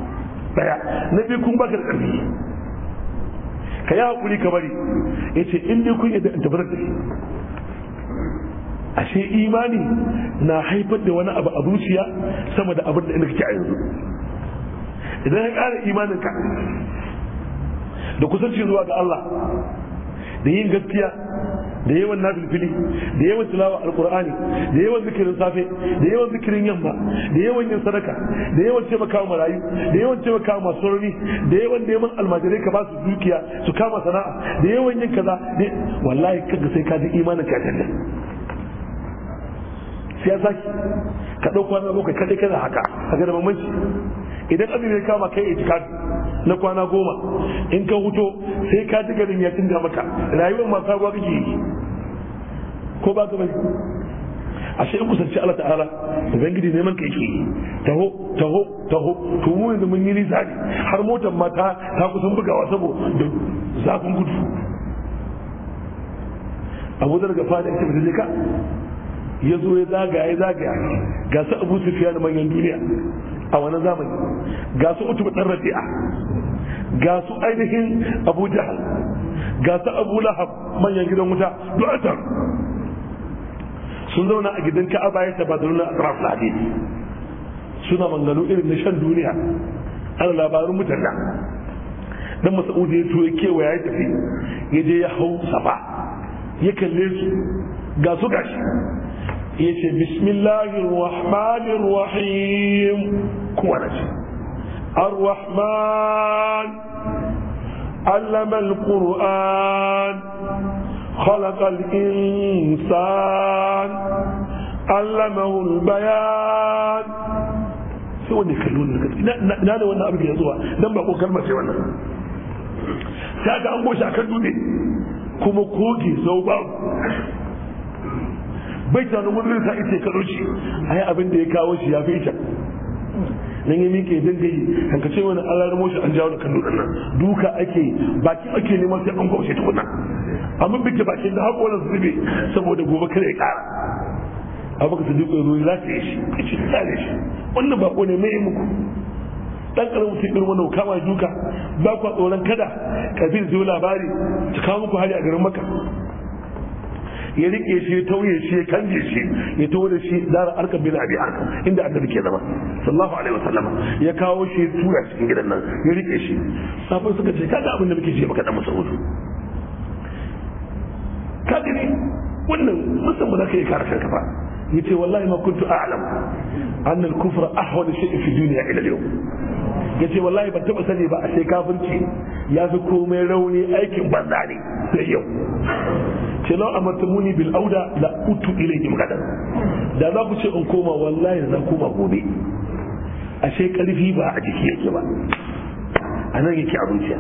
daya na biyu kun baka da ƙarfi ka yi haƙuri ka bari ya ce in kun yi da tafi da ashe imani na haifar da wani abu a zuciya sama da abin da inda kake a yanzu idan ya ƙara imanin ka da kusanci zuwa ga Allah da yin gaskiya da yawan nafilfili da yawan tilawa alqur'ani da yawan zikirin safe da yawan zikirin yamma da yawan yin sadaka da yawan taimakawa marayu da yawan taimakawa masu rauni da yawan neman almajirai ka ba su dukiya su kama sana'a da yawan yin kaza wallahi kaga sai ka ji imanin ka siyasa ki ka ɗauko wani lokaci kaɗai kana haka a ga da bambanci idan abin ya kama kai itikafi na kwana goma in ka huto sai ka ji garin ya cinda maka rayuwar ma sabuwa kake yi ko ba ka bai ashe in kusanci Allah ta'ala ubangiji neman ka yake taho taho taho to mu yanzu mun yi nisa har motar mata ta ta kusan bugawa saboda zafin gudu abu da daga ita ba ka ya zo ya zaga ya zaga ga su abu su fiya da manyan duniya a wani zamani ga su utu ɗan rafi'a ga su ainihin abu jahal ga su abu lahab manyan gidan wuta duwatar sun zauna a gidan ka'aba ya ta da nuna atraf na hadisi suna mangano irin na shan duniya ana labarin mutanda dan masaudi ya tuwe kewaya ya tafi ya je ya hau safa ya kalle su ga su gashi yace bismillahir rahmanir rahim kuma ce ar-rahman allama al-qur'an khalaqa al خلق allama al-bayan sai wani kallo ne na da wannan abin da zuwa dan ba ko kalmar sai wannan sai ga an goshi akan dutse kuma koge sau babu bai tunanin wani zai sa ita ya karo shi ai abin da ya kawo shi ya fi ita nan ya miƙe dinga yi hankace wani alarmo moshi an jawo da kanu nan duka ake baki ake neman sai an gwamce tukuna amma bikin bakin da haƙoran su zube saboda gobe kare ya ƙara abu ka sadiku ruwa zo ya shi ya ta tsare shi wannan bako ne mai muku dan karamu sai irin wannan kama duka ba ku tsoron kada kafin zai labari ta kawo muku hali a garin maka ya rike shi ya tauye shi ya kanje shi ya tauye da shi zara arka bin abi arka inda aka ke zama sallallahu alaihi wasallam ya kawo shi ya tura cikin gidan nan ya rike shi safin suka ce kaga abin da muke ce baka dan masaudu kaga ne wannan musamman ba za ka yi kare kanka ba yace wallahi ma kuntu a'lam anna al-kufra ahwal shay'in fi dunya ila al-yawm yace wallahi ban taba sani ba a sai kafirci ya fi komai rauni aikin banza ne sai yau ce lau matamuni bil auda la utu ilayhim gadan da za ku ce in koma wallahi zan koma gobe ashe karfi ba a jiki yake ba a nan yake a zuciya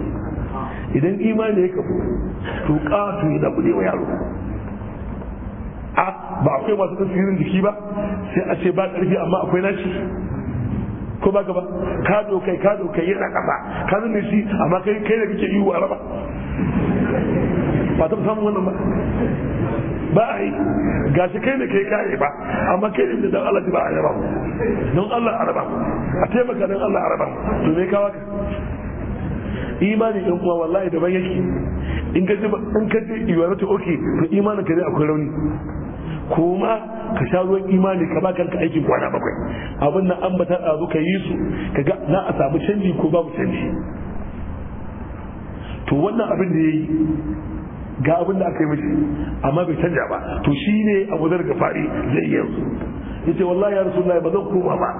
idan imani ya kafu to ƙato da bude wa yaro a ba akwai masu tasirin jiki ba sai a ce ba ƙarfi amma akwai nashi. ko ba gaba ka kai ka kai yana kafa ka zama shi amma kai kai da kake yi wa raba ba ta samun wannan ba ba a yi ga shi kai ne kai kare ba amma kai ne don Allah ba a yaba don Allah a raba a taimaka don Allah a raba to ne kawo ka imanin ɗan kuma wallahi daban yake in ka ji in ka ji iwa ta oke to imanin ka dai akwai rauni kuma ka sha ruwan imani ka ba kanka aikin kwana bakwai abin nan an bata a ka yi su ka ga na a samu canji ko babu canji to wannan abin da ya yi ga abin da aka yi mishi amma bai canja ba to shi ne abu zar fari zai yanzu ya ce wallahi ya rasu ba zan koma ba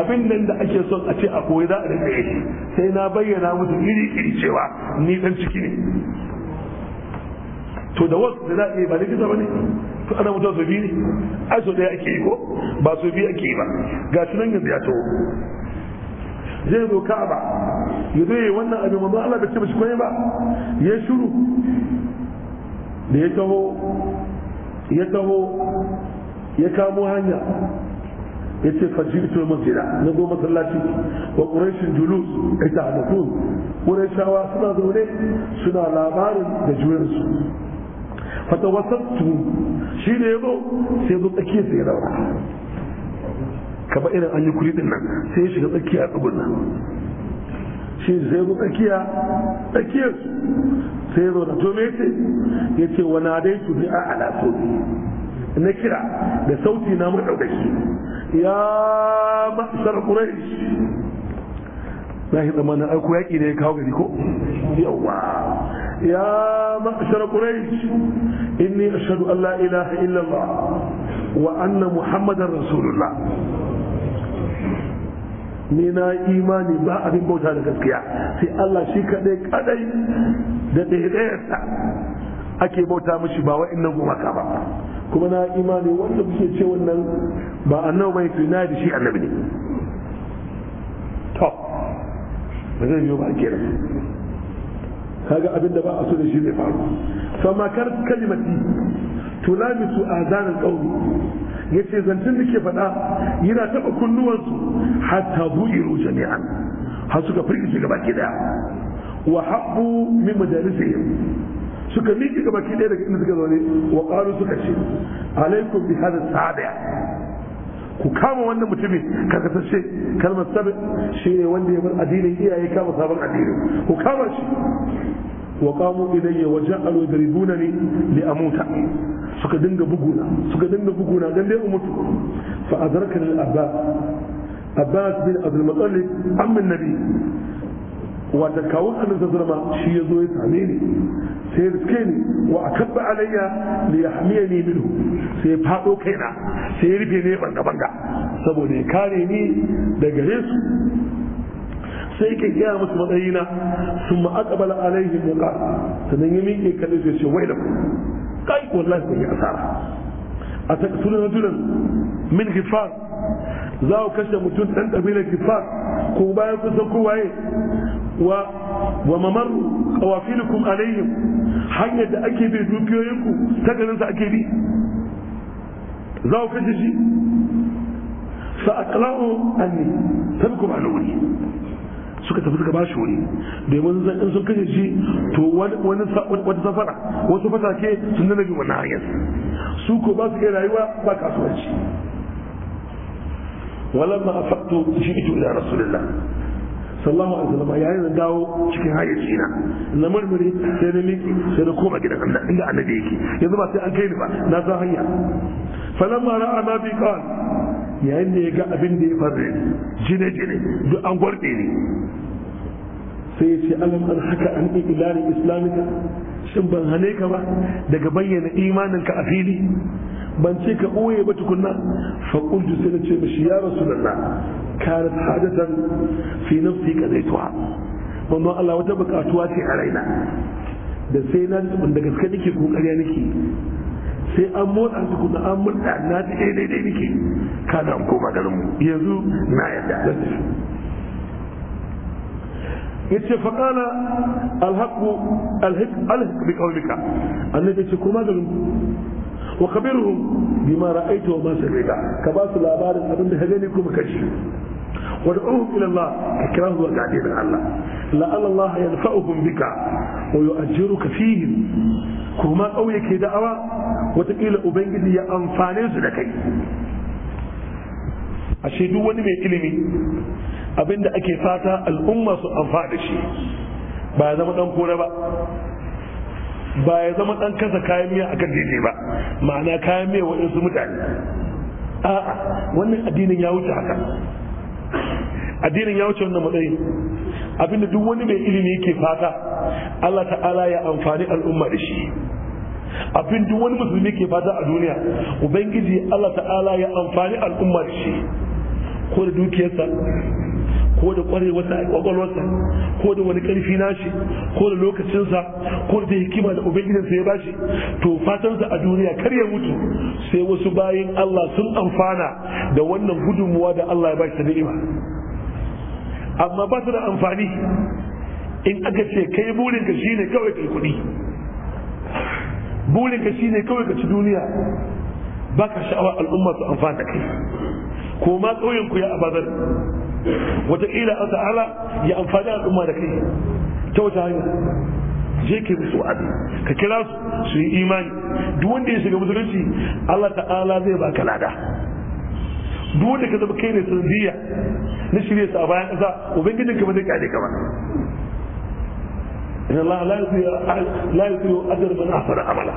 abin nan da ake son a ce a koyi za a rinka yi sai na bayyana musu iri iri cewa ni dan ciki ne to da wasu da za a yi ba likita ba ne to ana mutuwa su biyu ne ai so ɗaya ake yi ko ba su biyu ake yi ba ga shi nan yanzu ya to zai zo ka'aba ya zai yi wannan abin ba Allah bai ce ba shi kwanye ba ya shiru da ya taho ya taho ya kamo hanya ya ce fajirtu masjida na zo masallaci wa quraishin julus ita hadatun quraishawa suna zaune suna labarin da juyarsu fatawassattu shi ne zo sai zo tsakiya sai rawa kaba irin an yi kuri din nan sai ya shiga tsakiya a tsibin nan shi zai ku tsakiya tsakiyar su sai zo da tomete ya ce wana dai su ni a alaso ne na kira da sauti na mu ɗaukaki ya masar kuraish na hita mana aiko yaƙi da ya kawo gari ko yawa ya masar kuraish inni ashadu allah ila illallah wa anna muhammadan rasulullah ni na imani ba abin bauta da gaskiya sai Allah shi kadai kadai da ɗaiɗayarsa ake bauta mishi ba wa'annan gumaka ba kuma na imani wanda kuke ce wannan ba annabi bai na da shi annabi ne to ba zai yiwu ba kenan kaga abin da ba a so da shi bai faru samakar makar kalimati tulamisu azanan Ya yace zancen da ke faɗa yana taɓa kunnuwansu hatta bu'iru jami'an har suka firgice gaba ki daya wa habbu min majalisihim suka miƙe gaba ki daya daga inda suka zaune wa suka ce alaikum bi hadha sabi'a ku kama wannan mutumin karkatacce kalmar sabi shi ne wanda ya bar addinin iyaye kama sabon addinin ku kama shi wa qamu ilayya wa ja'alu yadribunani li amuta suka dinga buguna suka dinga buguna dan dai umutu fa adrakani al-abbas abbas wata kawun annabi sallallahu alaihi shi yazo ya same ni sai riske ni wa akabba alayya li ne minhu sai ya faɗo kaina sai ya rufe ne banga banga saboda ya kare ni daga gare su sai ka gaya musu matsayina sun ma'akabala alaihim ya ka sannan ya miƙe kalli sai ce wai da ku kai wallahi kun yi asara a ta sunan rajulan min gifar za ku kashe mutum ɗan ƙabilar gifar ko bayan kusa ko waye wa mamar qawafilukum alaihim hanyar da ake bi dukiyoyinku ta ganin sa ake bi za ku kashe shi fa aqla'u anni tabkum aluni suka tafi suka bashi da domin zan in sun kashe shi to wani wata safara wasu ke sun dana biyu wannan hanyar su ko ba su kai rayuwa ba kasuwanci walamma afaqtu ji'tu ila rasulillah sallallahu alaihi wasallam yayin da dawo cikin hayyaci na na marmari sai na miki sai na koma gidan Allah inda annabi yake yanzu ba sai an kai ni ba na san hanya falamma ra'a ma bi qal yayin da ya ga abin da ya farre jine jine duk an gwarde ne sai ya ce alam an haka an ilani islamika shin ban hane ka ba daga bayyana imaninka a fili ban ce ka ɓoye ba tukunna faƙuntu sai na ce mashi ya rasu كانت حاجة في نفسي qadaituha mamman الله wata bukatuwa ce da sai na ji wanda gaske nake ko nake sai an motsa su kuma an murɗa na ji ɗaya daidai nake kana an koma garin mu yanzu na yadda da su yace fa qala alhaƙu alhaq alhaq bi qawlika annabi ce koma garin wa khabirhum bima ra'aytu wa ma sami'ta ka ba su labarin abin da ka gani kuma ka ji wa da'uhum ila Allah ka kira su ga addinin Allah la'alla Allah yanfa'uhum bika wa yu'ajjiruka fihim kuma kauye ke da'awa wataƙila ubangiji ya amfane su da kai ashe duk wani mai ilimi abinda ake fata al'umma su amfana da shi ba zama ɗan kore ba ba ya zama ɗan kasa kayan miya akan daidai ba ma'ana kayan miya waɗansu mutane a'a wannan addinin ya wuce haka addinin ya wuce wannan matsayi, abinda duk wani mai ilimi yake fata Allah ta'ala ya amfani al'umma da shi abin duk wani musulmi ke fata a duniya ubangiji Allah ta'ala ya amfani al'umma da shi ko da dukiyarsa ko da kwarewarsa a kwakwalwarsa ko da wani karfi nashi ko da lokacinsa ko da hikima da ubangidansa ya bashi to fatansa a duniya kar ya mutu sai wasu bayin Allah sun amfana da wannan gudunmuwa da Allah ya bashi shi ni'ima amma ba su da amfani in aka ce kai burinka shine kawai kai kuɗi burinka shine kawai ka ci duniya baka sha'awa al'umma su amfana kai ko ma ƙauyen ku ya abazar wataƙila an ta'ala ya amfani al'umma da kai ta wata hanyar. je ke musu wa'adi ka kira su su yi imani duk wanda ya shiga musulunci Allah ta'ala zai baka lada duk wanda ka zama kai ne sanadiyya na shirya su a bayan ƙasa ubangijinka ba zai kyale ka ba إن الله لا يضيع لا يضيع أجر من أحسن عملا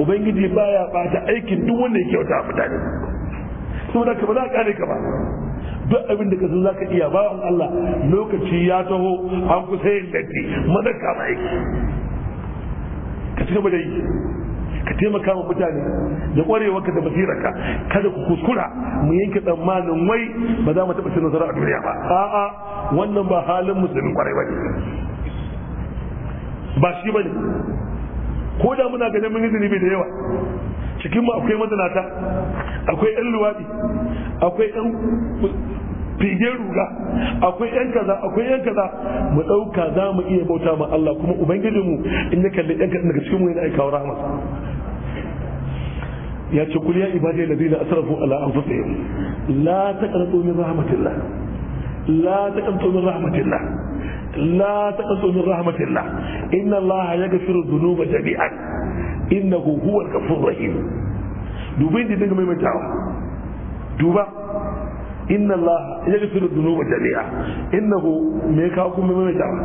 وبين جدي بايا بعد أيكن دون يكيو تعبداني saboda ka ba za a kare ka ba duk abin da ka san za ka iya bawan Allah lokaci ya taho an kusa yin latti mana ka ba ka ci gaba da yi ka taimaka wa mutane da ka da ka kada ku kuskura mu yanke tsammanin wai ba za mu taɓa cin nasara a duniya ba a'a wannan ba halin musulmin kwarai ba ne ba shi ba ne ko da muna ganin mun yi zunubi da yawa cikin mu akwai mazinata akwai yan luwaɗi, akwai yan figen ruga akwai yan kaza akwai yan kaza mu ɗauka za mu iya bauta ma Allah kuma ubangiji mu in ya kalli yan kaza daga cikin mu yana aikawa rahama ya ce kul ya ibadi da zina ala anfusihim la taqnatu min rahmatillah la taqnatu min rahmatillah la taqnatu min rahmatillah inna Allah yaghfiru dhunuba jami'an innahu huwal ghafurur rahim dubin da mai maimaitawa duba inna Allah ya gafiru dunuba jami'a innahu me ka mai maimaitawa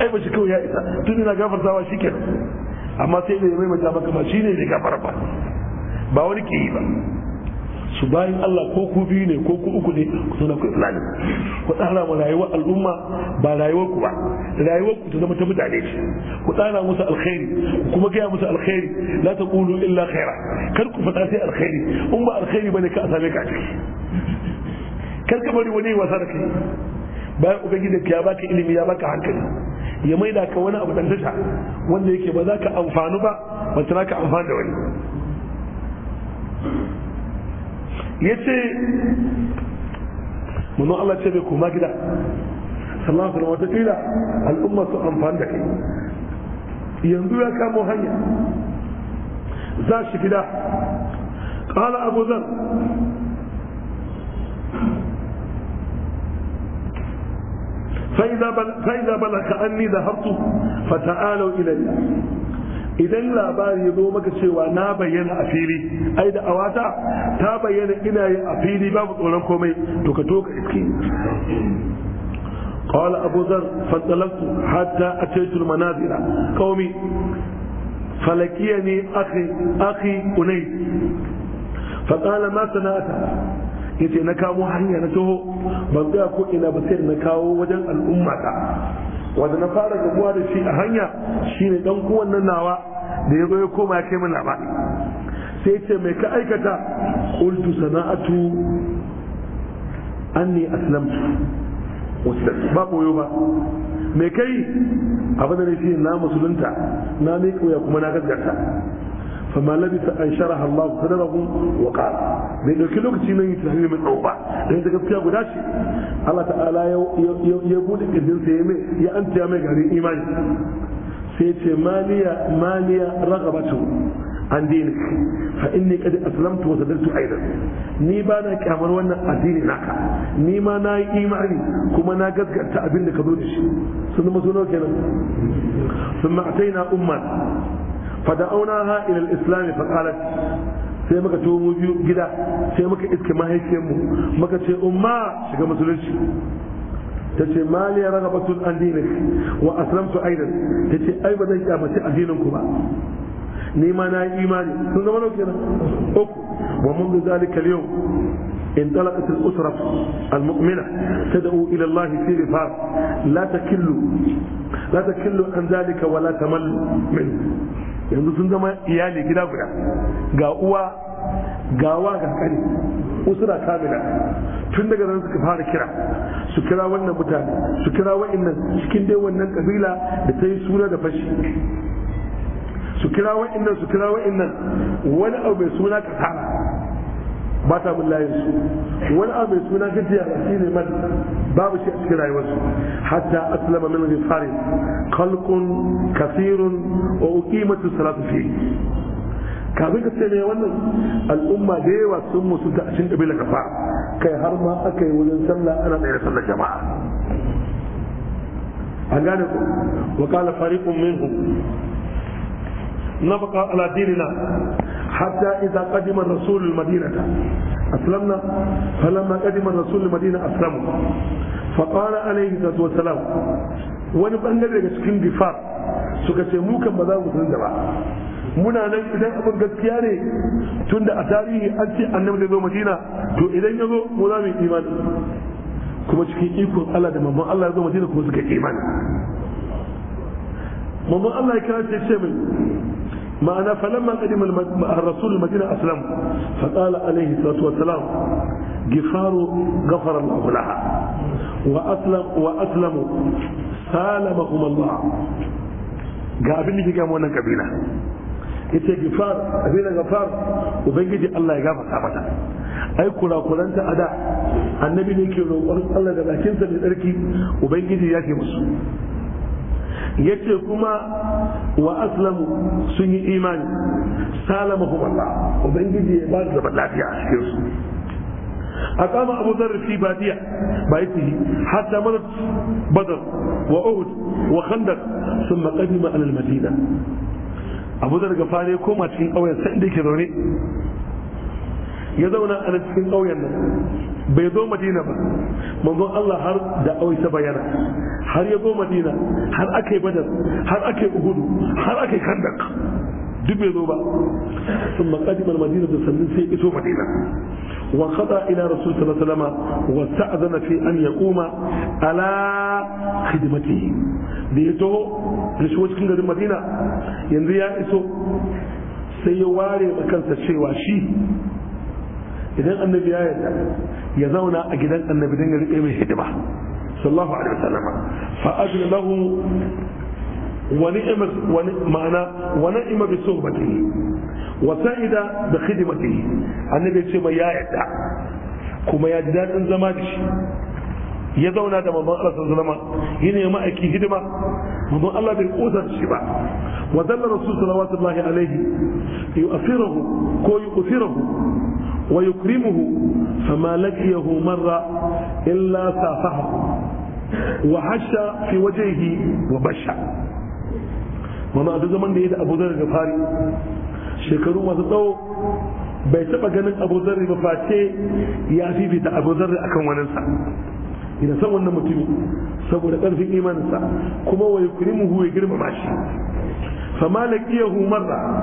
ai ba shi kawai ya isa tun ina gafartawa shikenan amma sai da mai maimaita maka ba shine ne gafara ba ba wani ke yi ba su bayan Allah ko ku biyu ne ko ku uku ne ku sana ku islami ku tsara mu rayuwar al'umma ba rayuwar ku ba rayuwar ku ta zama ta mutane ce ku tsara musu alkhairi kuma gaya musu alkhairi la kulu illa khaira kar ku fata sai alkhairi in ba alkhairi bane ka same ka ciki kar ka bari wani wasa da kai bayan ubangiji ya baka ilimi ya baka hankali ya maida ka wani abu dan tasha wanda yake ba za ka amfanu ba ba za ka amfana da wani ya ce munu Allah ce bai koma gida sallallahu alaihi wata kila al'umma su amfani da kai yanzu ya kamo hanya za shi gida kala abu zan فإذا بلغ أني ذهبت فتعالوا إلي idan labari ya zo maka cewa na bayyana a fili ai da awata ta bayyana ina yin a fili babu tsoron komai to ka toka iski قال أبو ذر فانطلقت حتى أتيت المنازل قومي فلكيني akhi أخي أنيس فقال ma صنعت yace na kawo hanya na taho ban ga ko ina ba sai na kawo wajen al'umma ta wanda na fara gamuwa da shi a hanya shine dan kuwan nan nawa da ya zo ya koma ya kai min ba sai ce mai ka aikata qultu sana'atu ne aslamtu wasu ba koyo ba mai kai abin da ne shi na musulunta na miƙa kuma na gaskata فما لبث أن شرح الله صدره وقال بين كل وقت من يتفهم من أوبا لأن تقف كيا قداشي الله تعالى يقول لك إذن سيمي يا أنت يا مجري إيماني سيتي ماليا ماليا رغبته عن دينك فإني قد أسلمت وصدرت أيضا ni ba na kyamar wannan addini naka ni ma na yi imani kuma na gaskata abin da ka zo da shi sun zama suno kenan sun ma'ataina umma fada'aunaha ila al-islam fa qalat sai muka mu biyu gida sai muka iske mahaifiyarmu muka ce umma shiga musulunci ta ce mali ya raga batul dinik wa aslamtu aidan ta ce ai ba zan kyamaci addinin ku ba ni ma na yi imani sun zama nau kenan uku wa mun da zalika yau انطلقت الأسرة المؤمنة تدعو إلى الله في رفاق لا تكل لا تكل عن ذلك ولا تمل منه yanzu sun zama iyali gida guda ga uwa ga wa ga kare usura kamila tun daga nan suka fara kira su kira wannan mutane su kira wa'annan cikin dai wannan kabila da ta yi suna da fashi su kira wa'annan su kira wa'annan wani abu mai suna kasara ba ta bin layin su wani abu mai suna gajiya ba shi ne babu shi a cikin rayuwarsu hatta aslama min ghifarin khalqun kasirun wa uqimatu salatu fi kafin ka ce ne wannan al'umma da yawa sun musu ta cikin kabila kafa kai har ma aka yi wajen sallah ana tsaye sallar jama'a an gane ku wa qala fariqun na nafaqa ala dinina حتى إذا قدم الرسول المدينة أسلمنا فلما قدم الرسول المدينة أسلموا فقال عليه الصلاة والسلام wani bangare daga cikin gifar suka ce mu kan ba za mu da ba muna nan idan abin gaskiya ne tunda a tarihi an ce annabi zai zo madina to idan ya zo mu za mu yi imani kuma cikin ikon Allah da mamman Allah ya zo madina kuma suka imani mamman Allah ya kawo ce mai معنى فلما قدم الرسول المدينة أسلم فقال عليه الصلاة والسلام غفار غفر الله لها وأسلم وأسلم سالمهم الله قابلني في كام وانا كبيرة ita gifar abin da gafar ubangiji Allah ya gafarta mata ai kurakuranta a da annabi ne ke roƙon Allah da bakinsa da tsarki ubangiji ya ke musu yace kuma wa aslamu sun yi imani salama hu Allah ubangiji ya ba da lafiya a cikin su aqama abu dharr fi badiya baytihi hatta marat Badar, wa uhud wa khandaq thumma qadima ala al-madina abu dharr gafare koma cikin kauyen sai da ke zaune ya zauna a cikin kauyen nan bai zo madina ba manzon Allah har da aisha bayana har ya zo madina har aka yi badar har aka yi uhudu har aka yi kandak duk bai zo ba sun makadimar madina da sannin sai iso madina wa kada ila rasul sallallahu alaihi wa ta'zana fi an yaquma ala khidmatihi da ya taho da shi cikin garin madina yanzu ya iso sai ya ware kansa cewa shi idan annabi ya yarda ya zauna a gidan annabi dan ya rike mai hidima sallallahu alaihi wasallam fa ajna lahu wa ni'ma wa ma'ana wa ni'ma bi suhbatihi wa sa'ida bi khidmatihi annabi ya ce mai ya yarda kuma ya ji dadin zama da shi ya zauna da manzon Allah sallallahu alaihi wasallam ya nemi aiki hidima manzon Allah bai kusa shi ba wa dalla rasul sallallahu alaihi yu'athirahu ko yu'athirahu wa yukrimuhu fama laqiyahu marra illa safaha, wa hasha fi wajhihi wa basha mana a zaman da ya da Abu Dharr Ghafari shekaru masu tsawo bai taba ganin Abu Dharr ba face ya fifita Abu Dharr akan waninsa ina san wannan mutumi saboda ƙarfin imaninsa kuma wa yukrimuhu ya girmama shi fama laqiyahu marra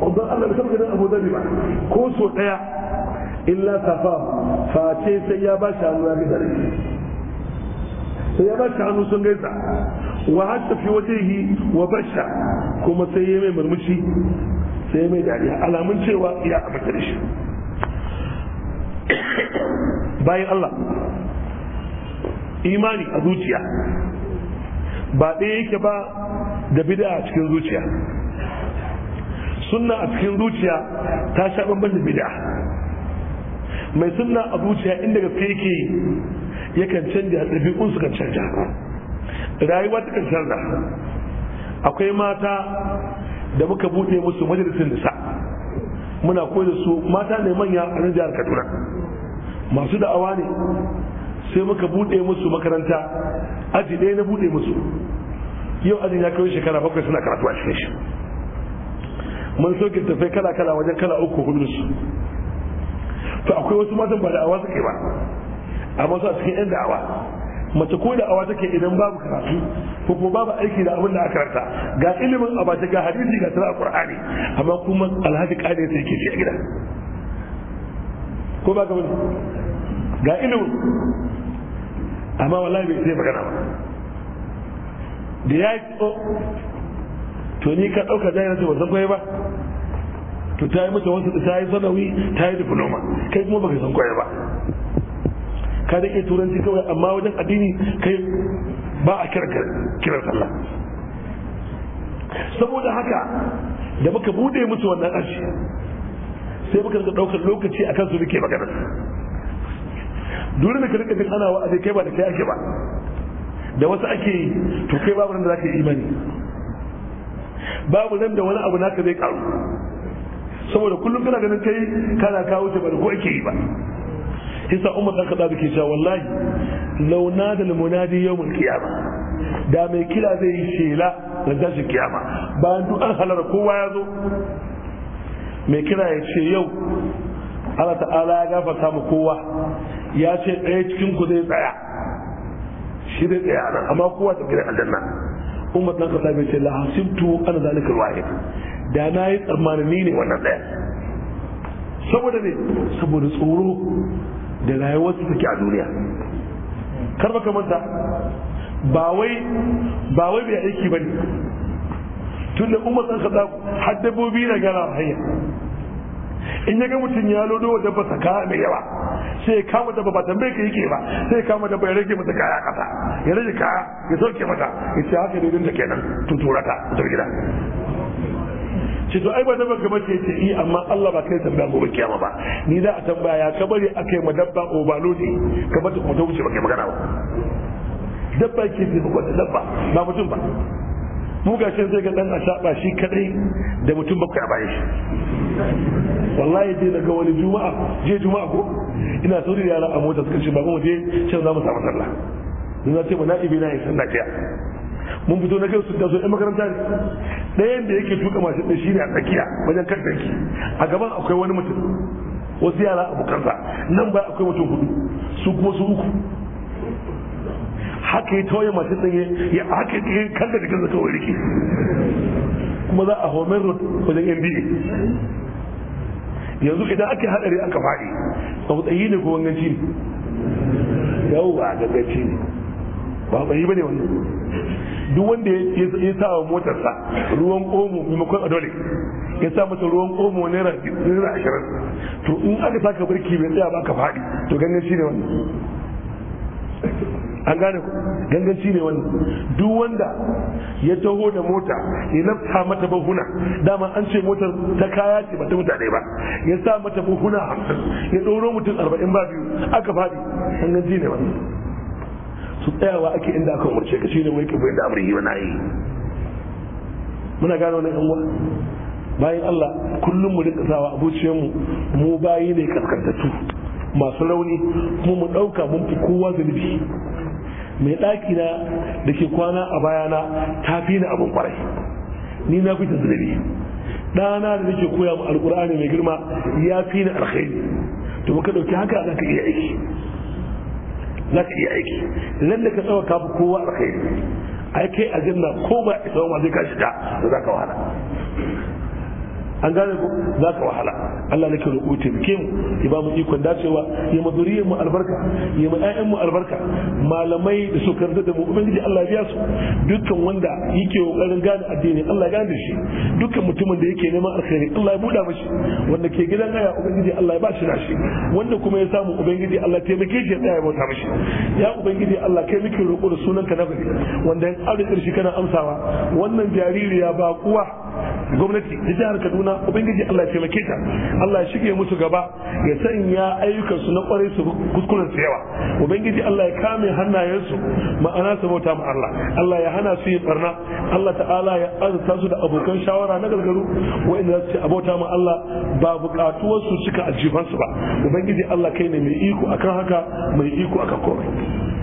wannan Allah bai taɓa Abu Dhabi ba ko so daya illa safa face sai ya ba shi hannu ya sai ya ba shi hannu sun gaisa wa hatta fi wajehi wa basha kuma sai ya mai murmushi sai mai dariya alamun cewa ya amince shi bayan Allah imani a zuciya ba ɗaya yake ba da bida a cikin zuciya sunna a cikin zuciya ta sha bamban da bida mai sunna a zuciya inda gaske yake yakan canja ɗabi'un su kan canja rayuwa ta kan canza akwai mata da muka buɗe musu majalisar nisa muna koyar su mata ne manya a nan jihar kaduna masu da'awa ne sai muka bude musu makaranta aji ɗaya na bude musu yau ajin ya kawo shekara bakwai suna karatu a cikin shi mun soke tafai kala kala wajen kala uku hudu su to akwai wasu matan ba da awa suke ba amma su a cikin yan da'awa mace ko da awa take idan babu karatu ko kuma babu aiki da abin da aka karanta ga ilimin a bace ga hadisi ga sana'a qur'ani amma kuma alhaji kare sai yake ci a gida ko ba ga wani ga ilimin amma wallahi bai sai magana ba da ya yi to ni ka ɗauka jami'a ba san kwaye ba to ta yi mata wasu ta yi sanawi ta yi diploma kai kuma baka san kwaye ba ka da ke turanci kawai amma wajen addini kai ba a kiran sallah saboda haka da muka bude musu wannan ashi sai muka daga daukar lokaci akan su muke magana dole da ka rika jin ana wa'azi kai ba da kai ake ba da wasu ake yi to kai babu nan da zaka yi imani babu nan da wani abu naka zai karu saboda kullum kana ganin kai kana kawo ta ba da ko ake yi ba kisa umar dan da ke cewa wallahi law da al munadi yawm al qiyama da mai kira zai yi shela da zashin kiyama bayan duk an halara kowa ya zo mai kira ya ce yau Allah ta'ala ya gafarta mu kowa ya ce ɗaya cikin ku zai tsaya shi zai tsaya nan amma kowa da gidan aljanna umar dan kasa bai ce la hasibtu ana zalikal wahid da na yi tsammanin ni ne wannan ɗaya saboda ne saboda tsoro da rayuwar su take a duniya kar kamar manta ba wai ba wai bai aiki bane tunda umar dan kasa har dabbobi na gara hanya in ya ga mutum ya lodo wa dabba sa kaya mai yawa sai ya kama dabba ba tambaye ka yake ba sai ya kama dabba ya rage mata kaya kasa ya rage kaya ya sauke mata ya ce haka dai ta kenan tun tura ta a gida ce to ai ba dabba gaba ce ce amma Allah ba kai tambaya gobe kiyama ba ni za a tambaya ka bari akai ma dabba lodi ka bata kuma ta wuce ba kai magana ba dabba ke ce ba dabba ba mutum ba mu gashin zai ga dan asaba shi kadai da mutum bakwai a bayan shi wallahi je daga wani juma'a je juma'a ko ina so da yara a mota suka ce ba waje je can za mu samu sallah mun na ce ba na na yin sallah jiya mun fito na kai su da so ɗan makaranta ne ɗayan da yake tuka mashin ɗin shine a tsakiya wajen kan tanki a gaban akwai wani mutum wasu yara abokansa nan ba akwai mutum hudu su kuma su uku haka ya tawaye masu tsaye ya haka ya kan da kansa kawai rike kuma za a homer road wajen nba yanzu idan aka yi hadari aka faɗi tsautsayi ne ko wanganci ne yawwa ganganci ne ba a tsayi ba ne wani duk wanda ya sa wa motarsa ruwan omo maimakon adole ya sa mata ruwan omo naira ashirin to in aka saka birki bai tsaya ba ka faɗi to shi ne wani an gane ku ganganci ne wani duk wanda ya taho da mota ya lafta mata buhuna, dama an ce motar ta kaya ce ba ta mutane ba ya sa mata buhuna hamsin ya ɗoro mutum arba'in ba biyu aka faɗi ganganci ne wani su tsayawa ake inda aka umarce ka shine mai kafin da amurhi wani ayi muna gane wani yan uwa bayan Allah kullum mu rika sawa abuciyanmu mu bayi ne kaskantattu masu rauni kuma mu ɗauka mun fi kowa zunubi mai ɗaki na da ke kwana a bayana ta fi ni abin kwarai ni na fi da ɗana da nake koya mu alƙur'ani mai girma ya fi ni alkhairi to ka ɗauki haka za ka iya aiki za ka iya aiki da ka tsawa kafa kowa alkhairi a kai a jirna ko ba isa ma zai ka shiga da za ka wahala an gane ku za ka wahala Allah nake roƙo taimake mu ya ba mu ikon dacewa ya mu zuriyar mu albarka ya ma ƴaƴan mu albarka malamai da su karanta da mu ubangiji Allah biya su dukkan wanda yake kokarin gane addini Allah ya gane shi dukkan mutumin da yake neman alkhairi Allah ya buɗa mashi wanda ke gidan haya ubangiji Allah ya ba shi nashi wanda kuma ya samu ubangiji Allah taimake shi ya tsaya ya bauta mashi ya ubangiji Allah kai muke roƙo da sunan ka na gari wanda in arziki shi kana amsawa wannan jaririya ba kuwa gwamnati da jihar Kaduna suna ubangiji Allah ya taimake ta Allah ya shige musu gaba ya sanya ayyukan su na kwarai su kuskuren su yawa ubangiji Allah ya kame hannayen su ma'ana su bauta ma Allah Allah ya hana su yin barna Allah ta'ala ya azurta su da abokan shawara na gargaru wa'inda za su ce abota ma Allah ba bukatuwar su cika aljifansu ba ubangiji Allah kai ne mai iko akan haka mai iko akan komai